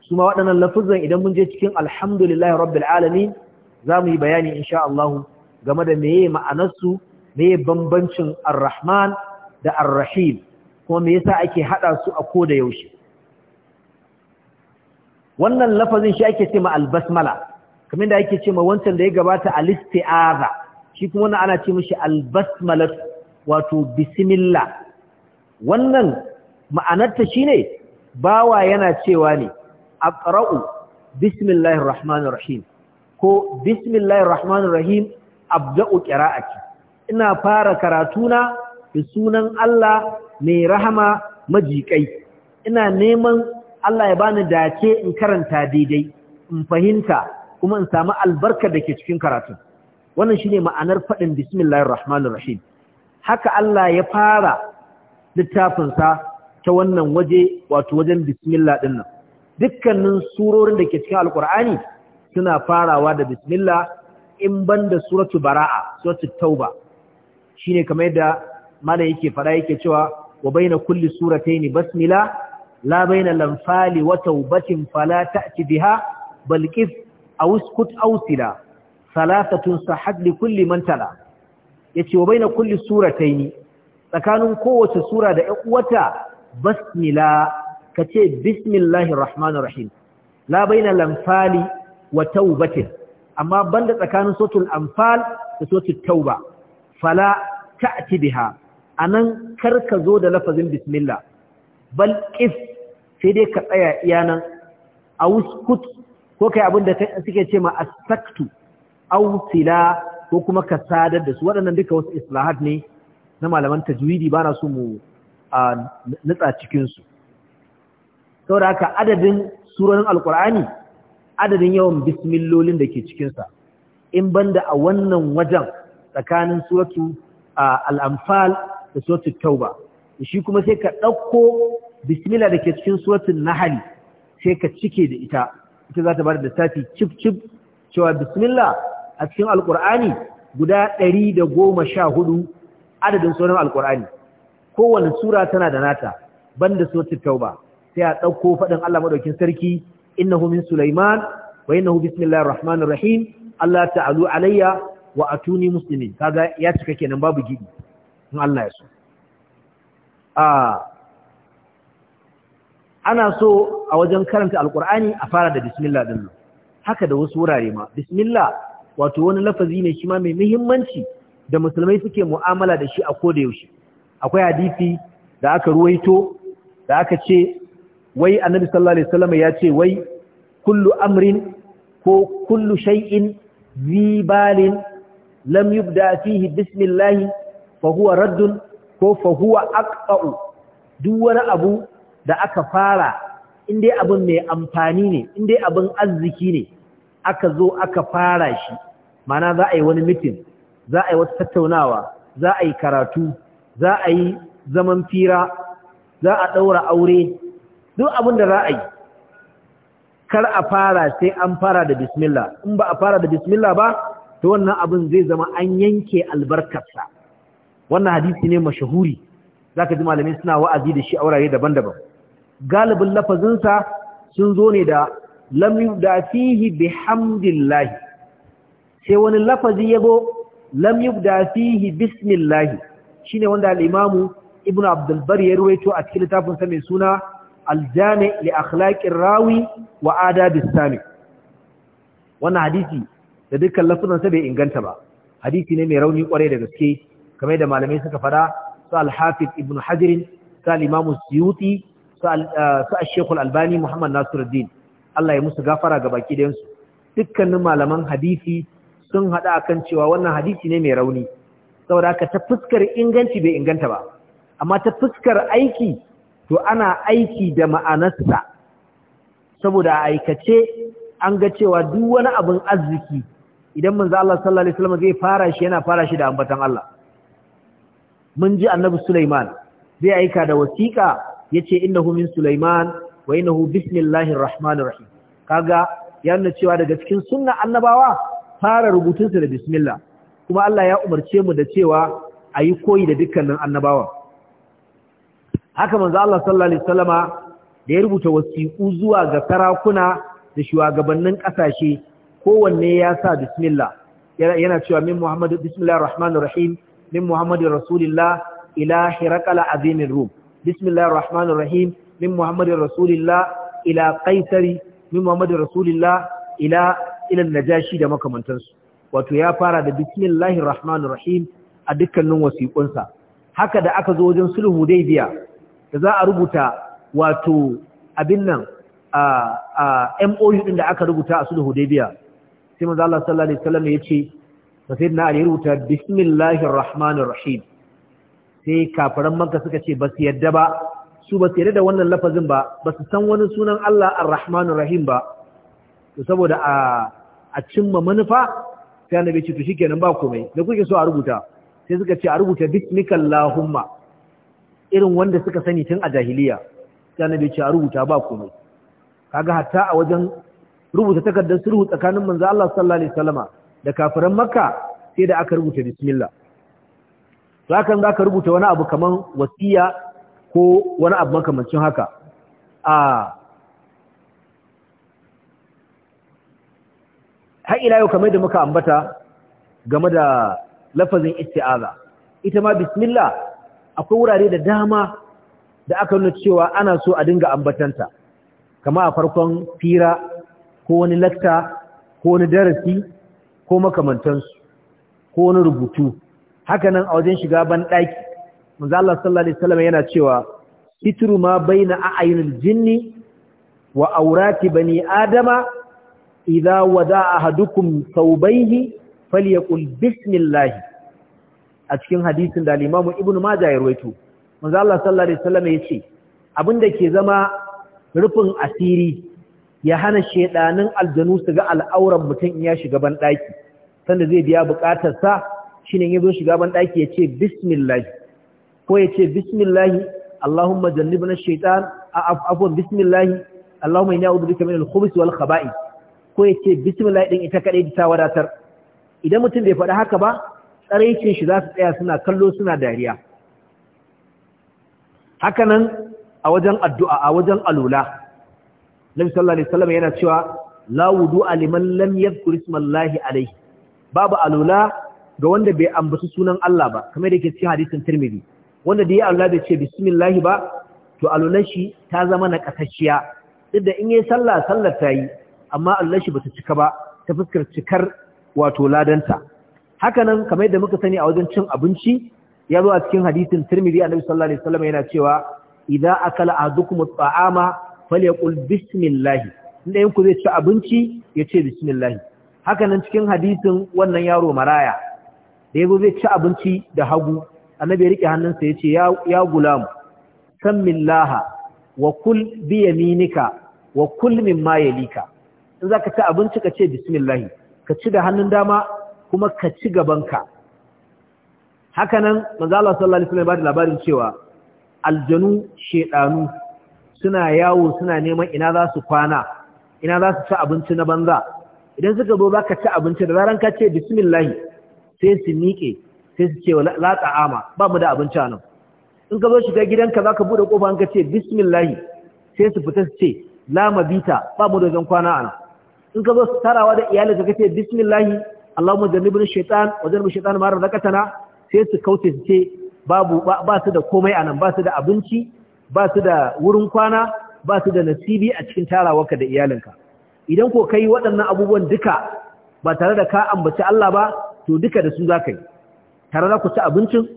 su ma waɗannan lafuzan idan mun je cikin alhamdulillahi rabbil alamin za mu yi bayani insha Allah game da meye ma'anarsu meye bambancin arrahman da arrahim rahim kuma me yasa ake haɗa su a ko da yaushe wannan lafazin shi ake cewa al-basmala kamar da ake ma wancan da ya gabata al-isti'aza shi kuma ana ce mishi al wato bismillah wannan ma'anarta shine bawa yana cewa ne aqra'u bismillahir rahmanir rahim ko bismillahir rahmanir rahim abda'u qira'ati ina fara karatuna da sunan Allah mai rahama majikai ina neman Allah ya bani dace in karanta daidai in fahimta kuma in samu albarka dake cikin karatun wannan shine ma'anar faɗin bismillahir rahmanir rahim haka Allah ya fara littafinsa ta wannan waje wato wajen bismillah ɗin nan dukkanin surorin da ke cikin alkur'ani suna farawa da bismillah in banda suratu bara'a suratu tauba shine kamar yadda mana yake fara yake cewa wa baina kulli surataini basmila la baina lamfali wa taubatin fala ta'ti biha bal qif aw uskut aw sila thalathatun sahad li kulli man tala Ya ce wa baina kulli surataini tsakanin kowace sura da ɗan uwata basmila ka ce, bismillahir rahmanir rahim la baina lamfali wa taubatin amma banda tsakanin suratul anfal da suratul tauba fala ta'ti biha anan karka zo da lafazin bismillah bal qif sai dai ka tsaya iyanan auskut ko kai abinda da suke ce ma astaktu aw sila ko kuma ka sadar da su waɗannan duka wasu islahat ne na malaman tajwidi ba na so mu nutsa cikinsu saboda haka adadin surorin alkur'ani adadin yawan bismillolin da ke cikinsa in banda a wannan wajen tsakanin suratu al'amfal da suratu tauba shi kuma sai ka ɗauko bismillah da ke cikin suratun nahali sai ka cike da ita ita za ta ba da lissafi cif cif cewa bismillah a cikin alkur'ani guda ɗari da goma sha hudu adadin sauran alkur'ani kowane sura tana da nata banda suratul tauba sai a dauko faɗin Allah madaukin sarki innahu min sulaiman wa innahu bismillahir rahmanir rahim Allah ta'alu alayya wa atuni muslimin kaga ya cika kenan babu gidi in Allah ya so ah ana so a wajen karanta alkur'ani a fara da bismillah din haka da wasu wurare ma bismillah wato wani lafazi ne shi ma mai muhimmanci da musulmai suke mu'amala da shi a koda yaushe akwai hadisi da aka ruwaito da aka ce wai annabi sallallahu alaihi wasallam ya ce wai kullu amrin ko kullu shay'in zibalin lam yubda fihi bismillah fa huwa raddun ko fa huwa aqta'u duk wani abu da aka fara indai mai amfani ne indai abun abin arziki ne aka zo aka fara shi mana za a yi wani mitin za a yi wata tattaunawa za a yi karatu za a yi zaman fira za a ɗaura aure duk abin da za a yi kar a fara sai an fara da bismillah in ba a fara da bismillah ba to wannan abin zai zama an yanke albarkarsa wannan hadisi ne mashahuri zaka ji malamai suna wa'azi da shi a wurare daban-daban galibin lafazinsa sun zo ne da lam yudafihi bihamdillah sai wani lafazi yabo lam yudafihi bismillah shine wanda al-imamu ibnu abdul bar ya ruwaito a cikin littafin sa mai suna al-jami li akhlaqir rawi wa adabis sami wannan hadisi da dukkan lafazan sa bai inganta ba hadisi ne mai rauni kware da gaske kamar da malamai suka fada su al-hafiz ibnu hajr su al-imamu suyuti su al-shaykh al-albani muhammad nasiruddin Allah ya musu gafara ga baki da yansu dukkanin malaman hadisi sun hada akan cewa wannan hadisi ne mai rauni saboda haka ta fuskar inganci bai inganta ba amma ta fuskar aiki to ana aiki da ma'anarsa saboda a aikace an ga cewa duk wani abin arziki idan manzo Allah sallallahu alaihi wasallam zai fara shi yana fara shi da ambatan Allah mun ji annabi Sulaiman zai aika da wasiqa yace innahu min Sulaiman wa innahu bismillahir rahmanir rahim kaga cewa daga cikin sunna annabawa fara rubutunsa da bismillah kuma Allah ya umarce mu da cewa ayi koyi da dukkanin annabawa haka manzo Allah sallallahu alaihi wasallama da ya rubuta wasiku zuwa ga sarakuna da shugabannin ƙasashe kowanne ya sa bismillah yana cewa min muhammadu bismillahir rahmanir rahim min muhammadin rasulillah ila hirqal azimir rum bismillahir rahmanir rahim min muhammadin rasulillah ila kaisari min muhammadin rasulillah ila ilan najashi da makamantansu wato ya fara da bismillahir rahmanir rahim a dukkanin wasiƙunsa haka da aka zo wajen sulhu daibiya da za a rubuta wato abin nan a MOU din da aka rubuta a sulhu daibiya sai manzo Allah sallallahu alaihi wasallam ya ce sayyidina ya rubuta bismillahir rahmanir rahim sai kafiran Makka suka ce ba su yadda ba su ba su da wannan lafazin ba ba su san wani sunan Allah ar-Rahmanur Rahim ba to saboda a a cimma manufa sai annabi ce to shikenan ba komai da kuke so a rubuta sai suka ce a rubuta bismikallahumma irin wanda suka sani tun a jahiliya sai annabi ce a rubuta ba komai kaga hatta a wajen rubuta takardar sulhu tsakanin manzo Allah sallallahu alaihi wasallama da kafiran Makka sai da aka rubuta bismillah to hakan zaka rubuta wani abu kamar wasiya ko wani abu makamancin haka a haƙila yau kamar da muka ambata game da lafazin isti'aza ita ma bismillah akwai wurare da dama da aka nuna cewa ana so a dinga ambatanta kama a farkon fira ko wani lakta ko wani darasi ko makamantansu ko wani rubutu hakanan a wajen shiga ban ɗaki manzo Allah sallallahu alaihi wasallam yana cewa sitru ma baina a'yunil jinni wa aurati bani adama idza wada'a ahadukum thawbayhi falyakul bismillah a cikin hadisin da al-Imam Ibn Majah ya rawaito manzo Allah sallallahu alaihi wasallam yace abinda ke zama rufin asiri ya hana shedanin aljanu su ga al'auran mutum ya shiga ban daki sanda zai biya bukatar sa shine yazo shiga ban daki yace bismillah ko ya ce bismillahi Allahumma jannibna shaitan afwan bismillahi Allahumma inna a'udhu min al-khubuthi wal khaba'i ko ya ce bismillahi din ita kadai ta wadatar idan mutum bai faɗi haka ba tsaraicin shi za su tsaya suna kallo suna dariya haka nan a wajen addu'a a wajen alula Nabi sallallahu alaihi wasallam yana cewa la wudu'a liman lam yadhkur ismallahi alayhi babu alula ga wanda bai ambaci sunan Allah ba kamar da yake cikin hadisin Tirmidhi wanda da ya Allah da ce bismillahi ba to alulan shi ta zama na kasashiya duk da in yi sallah sallar ta yi amma alulan ba bata cika ba ta fuskar cikar wato ladanta hakanan kamar yadda muka sani a wajen cin abinci ya zo a cikin hadisin tirmidhi annabi sallallahu alaihi wasallam yana cewa idza akala ahadukum at-ta'ama falyaqul bismillah inda yanku zai ci abinci ya ce bismillah hakanan cikin hadisin wannan yaro maraya da yazo zai ci abinci da hagu annabi ya rike hannunsa ya ce ya gulam sammin laha wa kul bi yaminika wa kul mimma yalika in zaka ci abinci ka ce bismillah ka ci da hannun dama kuma ka ci gabanka haka nan manzo Allah sallallahu alaihi wasallam da labarin cewa aljanu shedanu suna yawo suna neman ina za su kwana ina za su ci abinci na banza idan suka zo zaka ci abinci da zaran ka ce bismillah sai su miƙe sai su ce la ba mu da abinci a nan in ka zo shiga gidanka za ka buɗe ƙofa ka ce bismillahi sai su fita su ce la mabita ba mu da wajen kwana a nan in ka zo tarawa da iyali, ka ce bismillahi allahumma jannibna shaitan wa jannibna shaitan ma razaqtana sai su kauce su ce babu ba su da komai a nan ba su da abinci ba su da wurin kwana ba su da nasibi a cikin tarawarka da iyalinka idan ko kai waɗannan abubuwan duka ba tare da ka ambaci Allah ba to duka da su za ka yi tare za ku ci abincin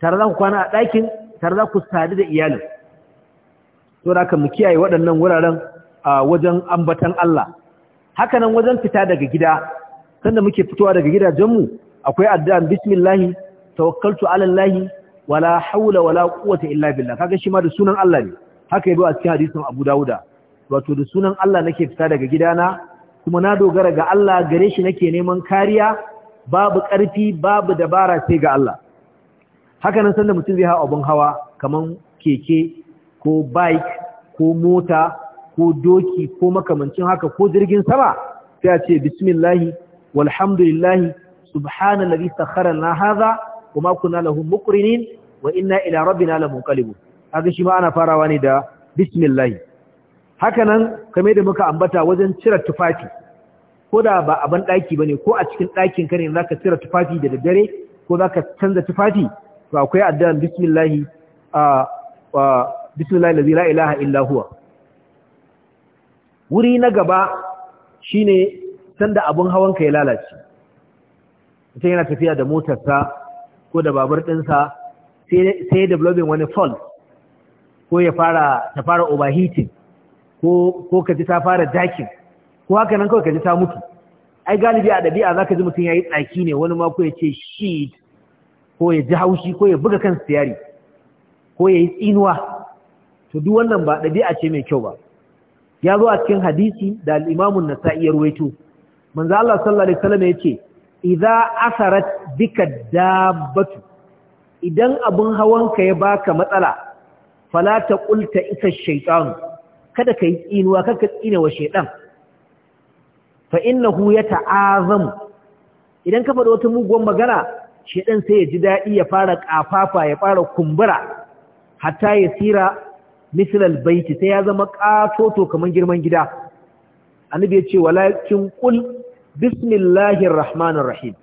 tare za ku kwana a ɗakin tare za ku sadu da iyalin to da mu kiyaye waɗannan wuraren a wajen ambatan Allah hakanan wajen fita daga gida sanda muke fitowa daga gidajenmu akwai addu'an bismillahi tawakkaltu ala wala haula wala quwwata illa billah kaga shi ma da sunan Allah ne haka yabo a cikin hadisin Abu Dawuda wato da sunan Allah nake fita daga gidana kuma na dogara ga Allah gare shi nake neman kariya babu ƙarfi babu dabara sai ga Allah haka nan sanda mutum zai hawa abun hawa kaman keke ko bike ko mota ko doki ko makamancin haka ko jirgin sama sai a ce bismillahi walhamdulillahi subhanallazi sakharana hadha kuma kuna lahu muqrinin wa inna ila rabbina lamunqalibun haka shi ma ana farawa ne da bismillahi haka nan kamar da muka ambata wajen cire tufafi ko da ba a banɗaki ɗaki ba ne ko a cikin ɗakin ka ne za ka cire tufafi da daddare ko za ka canza tufafi to akwai addan bismillahi a bismillahi lazi la ilaha illa wuri na gaba shine sanda abin hawan ka ya lalace sai yana tafiya da motarsa ko da babur ɗinsa sai ya developing wani fault ko ya fara ta fara overheating ko ka ji ta fara dakin ko haka nan kawai ka ji ta mutu ai galibi a ɗabi'a za ka ji mutum ya yi tsaki ne wani ma ko ya ce shi, ko ya ji haushi ko ya buga kan siyari ko ya yi tsinuwa to duk wannan ba ɗabi'a ce mai kyau ba ya zo a cikin hadisi da al'imamun na sa'iyar waito manzo Allah sallallahu alaihi wasallam ya ce idza asarat bika dabbatu idan abun hawanka ya baka matsala fala ta qulta isa shaytan kada kai tsinuwa kada ka tsine wa shaytan fainnahu ya ta'azamu. idan ka faɗi wata muguwar magana shiɗan sai ya ji daɗi, ya fara kafafa ya fara kumbura hatta ya tsira mislal baiti sai ya zama ƙatoto kamar girman gida annabi ya ce walakin qul bismillahir rahmanir rahim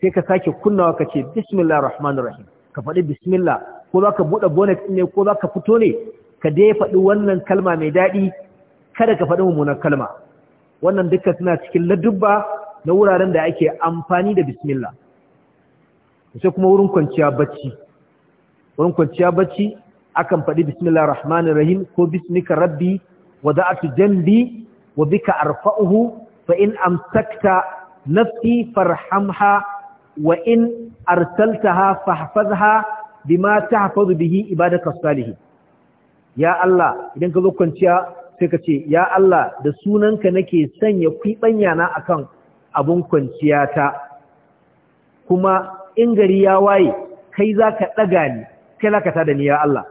sai ka sake kunnawa ka ce bismillahir rahmanir rahim ka faɗi bismillah ko za ka buɗe bonet ne ko za ka fito ne ka dai faɗi wannan kalma mai daɗi kada ka faɗi mummunar kalma wannan duka suna cikin ladubba na wuraren da ake amfani da bismillah sai kuma wurin kwanciya bacci wurin kwanciya bacci akan faɗi bismillah rahmanir rahim ko bismika rabbi wa da'atu jambi wa bika arfa'uhu fa in amsakta nafsi farhamha wa in arsaltaha fahfazha bima tahfazu bihi ibadaka salihin ya Allah idan ka zo kwanciya sai ka ce ya Allah da sunanka nake sanya kwiɓanya na kan abin kwanciya ta kuma in gari ya waye kai za ka ɗaga ni kai za ka tada ni ya Allah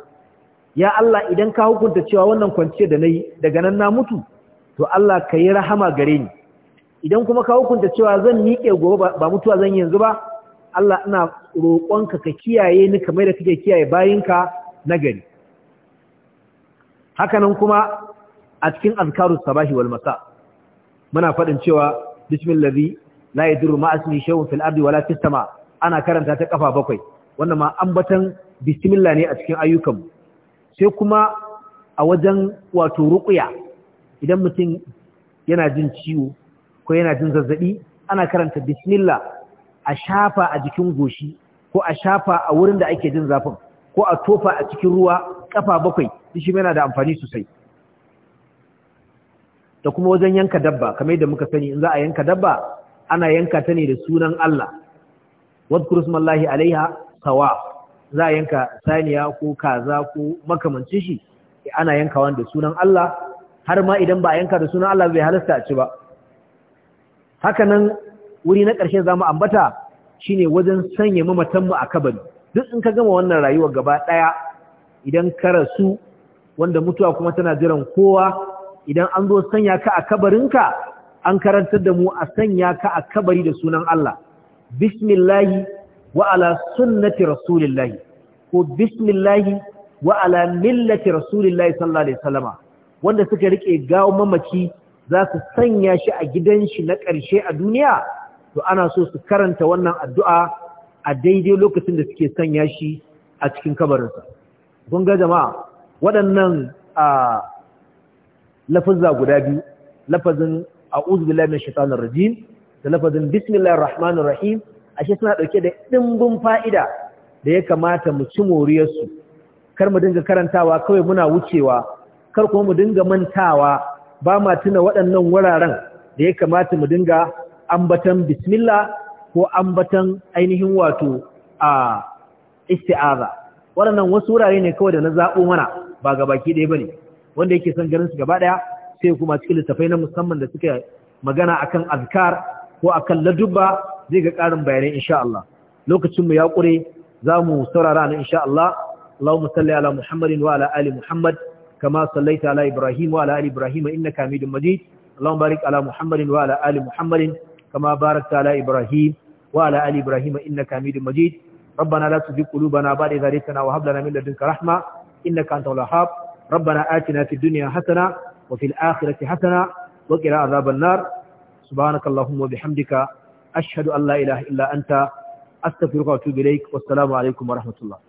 ya Allah idan ka hukunta cewa wannan kwanciyar da na yi daga nan na mutu to Allah ka yi rahama gare ni idan kuma ka hukunta cewa zan miƙe gobe ba mutuwa zan yanzu ba Allah ina roƙonka ka kiyaye ni kamar da kake kiyaye bayinka na gari hakanan kuma a cikin azkarus sabahi wal masa muna faɗin cewa bismillahi la yadurru ma asmi shay'un fil ardi wala fis sama ana karanta ta kafa bakwai wannan ma ambatan bismillah ne a cikin ayyukan sai kuma a wajen wato ruqya idan mutum yana jin ciwo ko yana jin zazzabi ana karanta bismillah a shafa a jikin goshi ko a shafa a wurin da ake jin zafin ko a tofa a cikin ruwa kafa bakwai shi yana da amfani sosai da kuma wajen yanka dabba kamar yadda muka sani in za a yanka dabba ana yanka ta ne da sunan Allah wa kurismallahi alaiha kawa za a yanka saniya ko kaza ko makamancin shi ana yankawa da sunan Allah har ma idan ba a yanka da sunan Allah bai halasta a ci ba haka nan wuri na ƙarshe zamu ambata shine wajen sanya mamatanmu mu a kabari duk in ka gama wannan rayuwar gaba daya idan ka rasu wanda mutuwa kuma tana jiran kowa idan an zo sanya ka a kabarinka an karantar da mu a sanya ka a kabari da sunan Allah bismillah wa ala sunnati rasulillah. ko bismillah wa ala millati rasulillah sallallahu alaihi wasallama wanda suka rike gawo mamaki za su sanya shi a gidan shi na ƙarshe a duniya to ana so su karanta wannan addu'a a daidai lokacin da suke sanya shi a cikin kabarinsa kun ga jama'a waɗannan ah, lafazza guda biyu lafazin a'udhu billahi minash shaitanir rajim da lafazin bismillahir rahmanir rahim ashe suna dauke da dimbin fa'ida da ya kamata mu ci moriyar su kar mu dinga karantawa kawai muna wucewa kar kuma mu dinga mantawa ba ma tuna waɗannan wuraren da ya kamata mu dinga ambatan bismillah ko ambatan ainihin wato a isti'aza waɗannan wasu wurare ne kawai da na zaɓo mana ba ga baki ɗaya bane wanda yake son ganin su gaba daya sai kuma cikin littafai na musamman da suka magana akan azkar ko akan ladubba zai ga karin bayanai insha Allah lokacin mu ya kure zamu saurara nan insha Allah Allahumma salli ala Muhammadin wa ala ali Muhammad kama sallaita ala Ibrahim wa ala ali Ibrahim innaka Hamidum Majid Allahumma barik ala Muhammadin wa ala ali Muhammadin kama barakta ala Ibrahim wa ala ali Ibrahim innaka Hamidum Majid ربنا لا تزغ قلوبنا بعد إذ هديتنا وهب لنا من لدنك رحمة إنك أنت الوهاب ربنا آتنا في الدنيا حسنة وفي الآخرة حسنة وقنا عذاب النار سبحانك اللهم وبحمدك أشهد أن لا إله إلا أنت أستغفرك وأتوب إليك والسلام عليكم ورحمة الله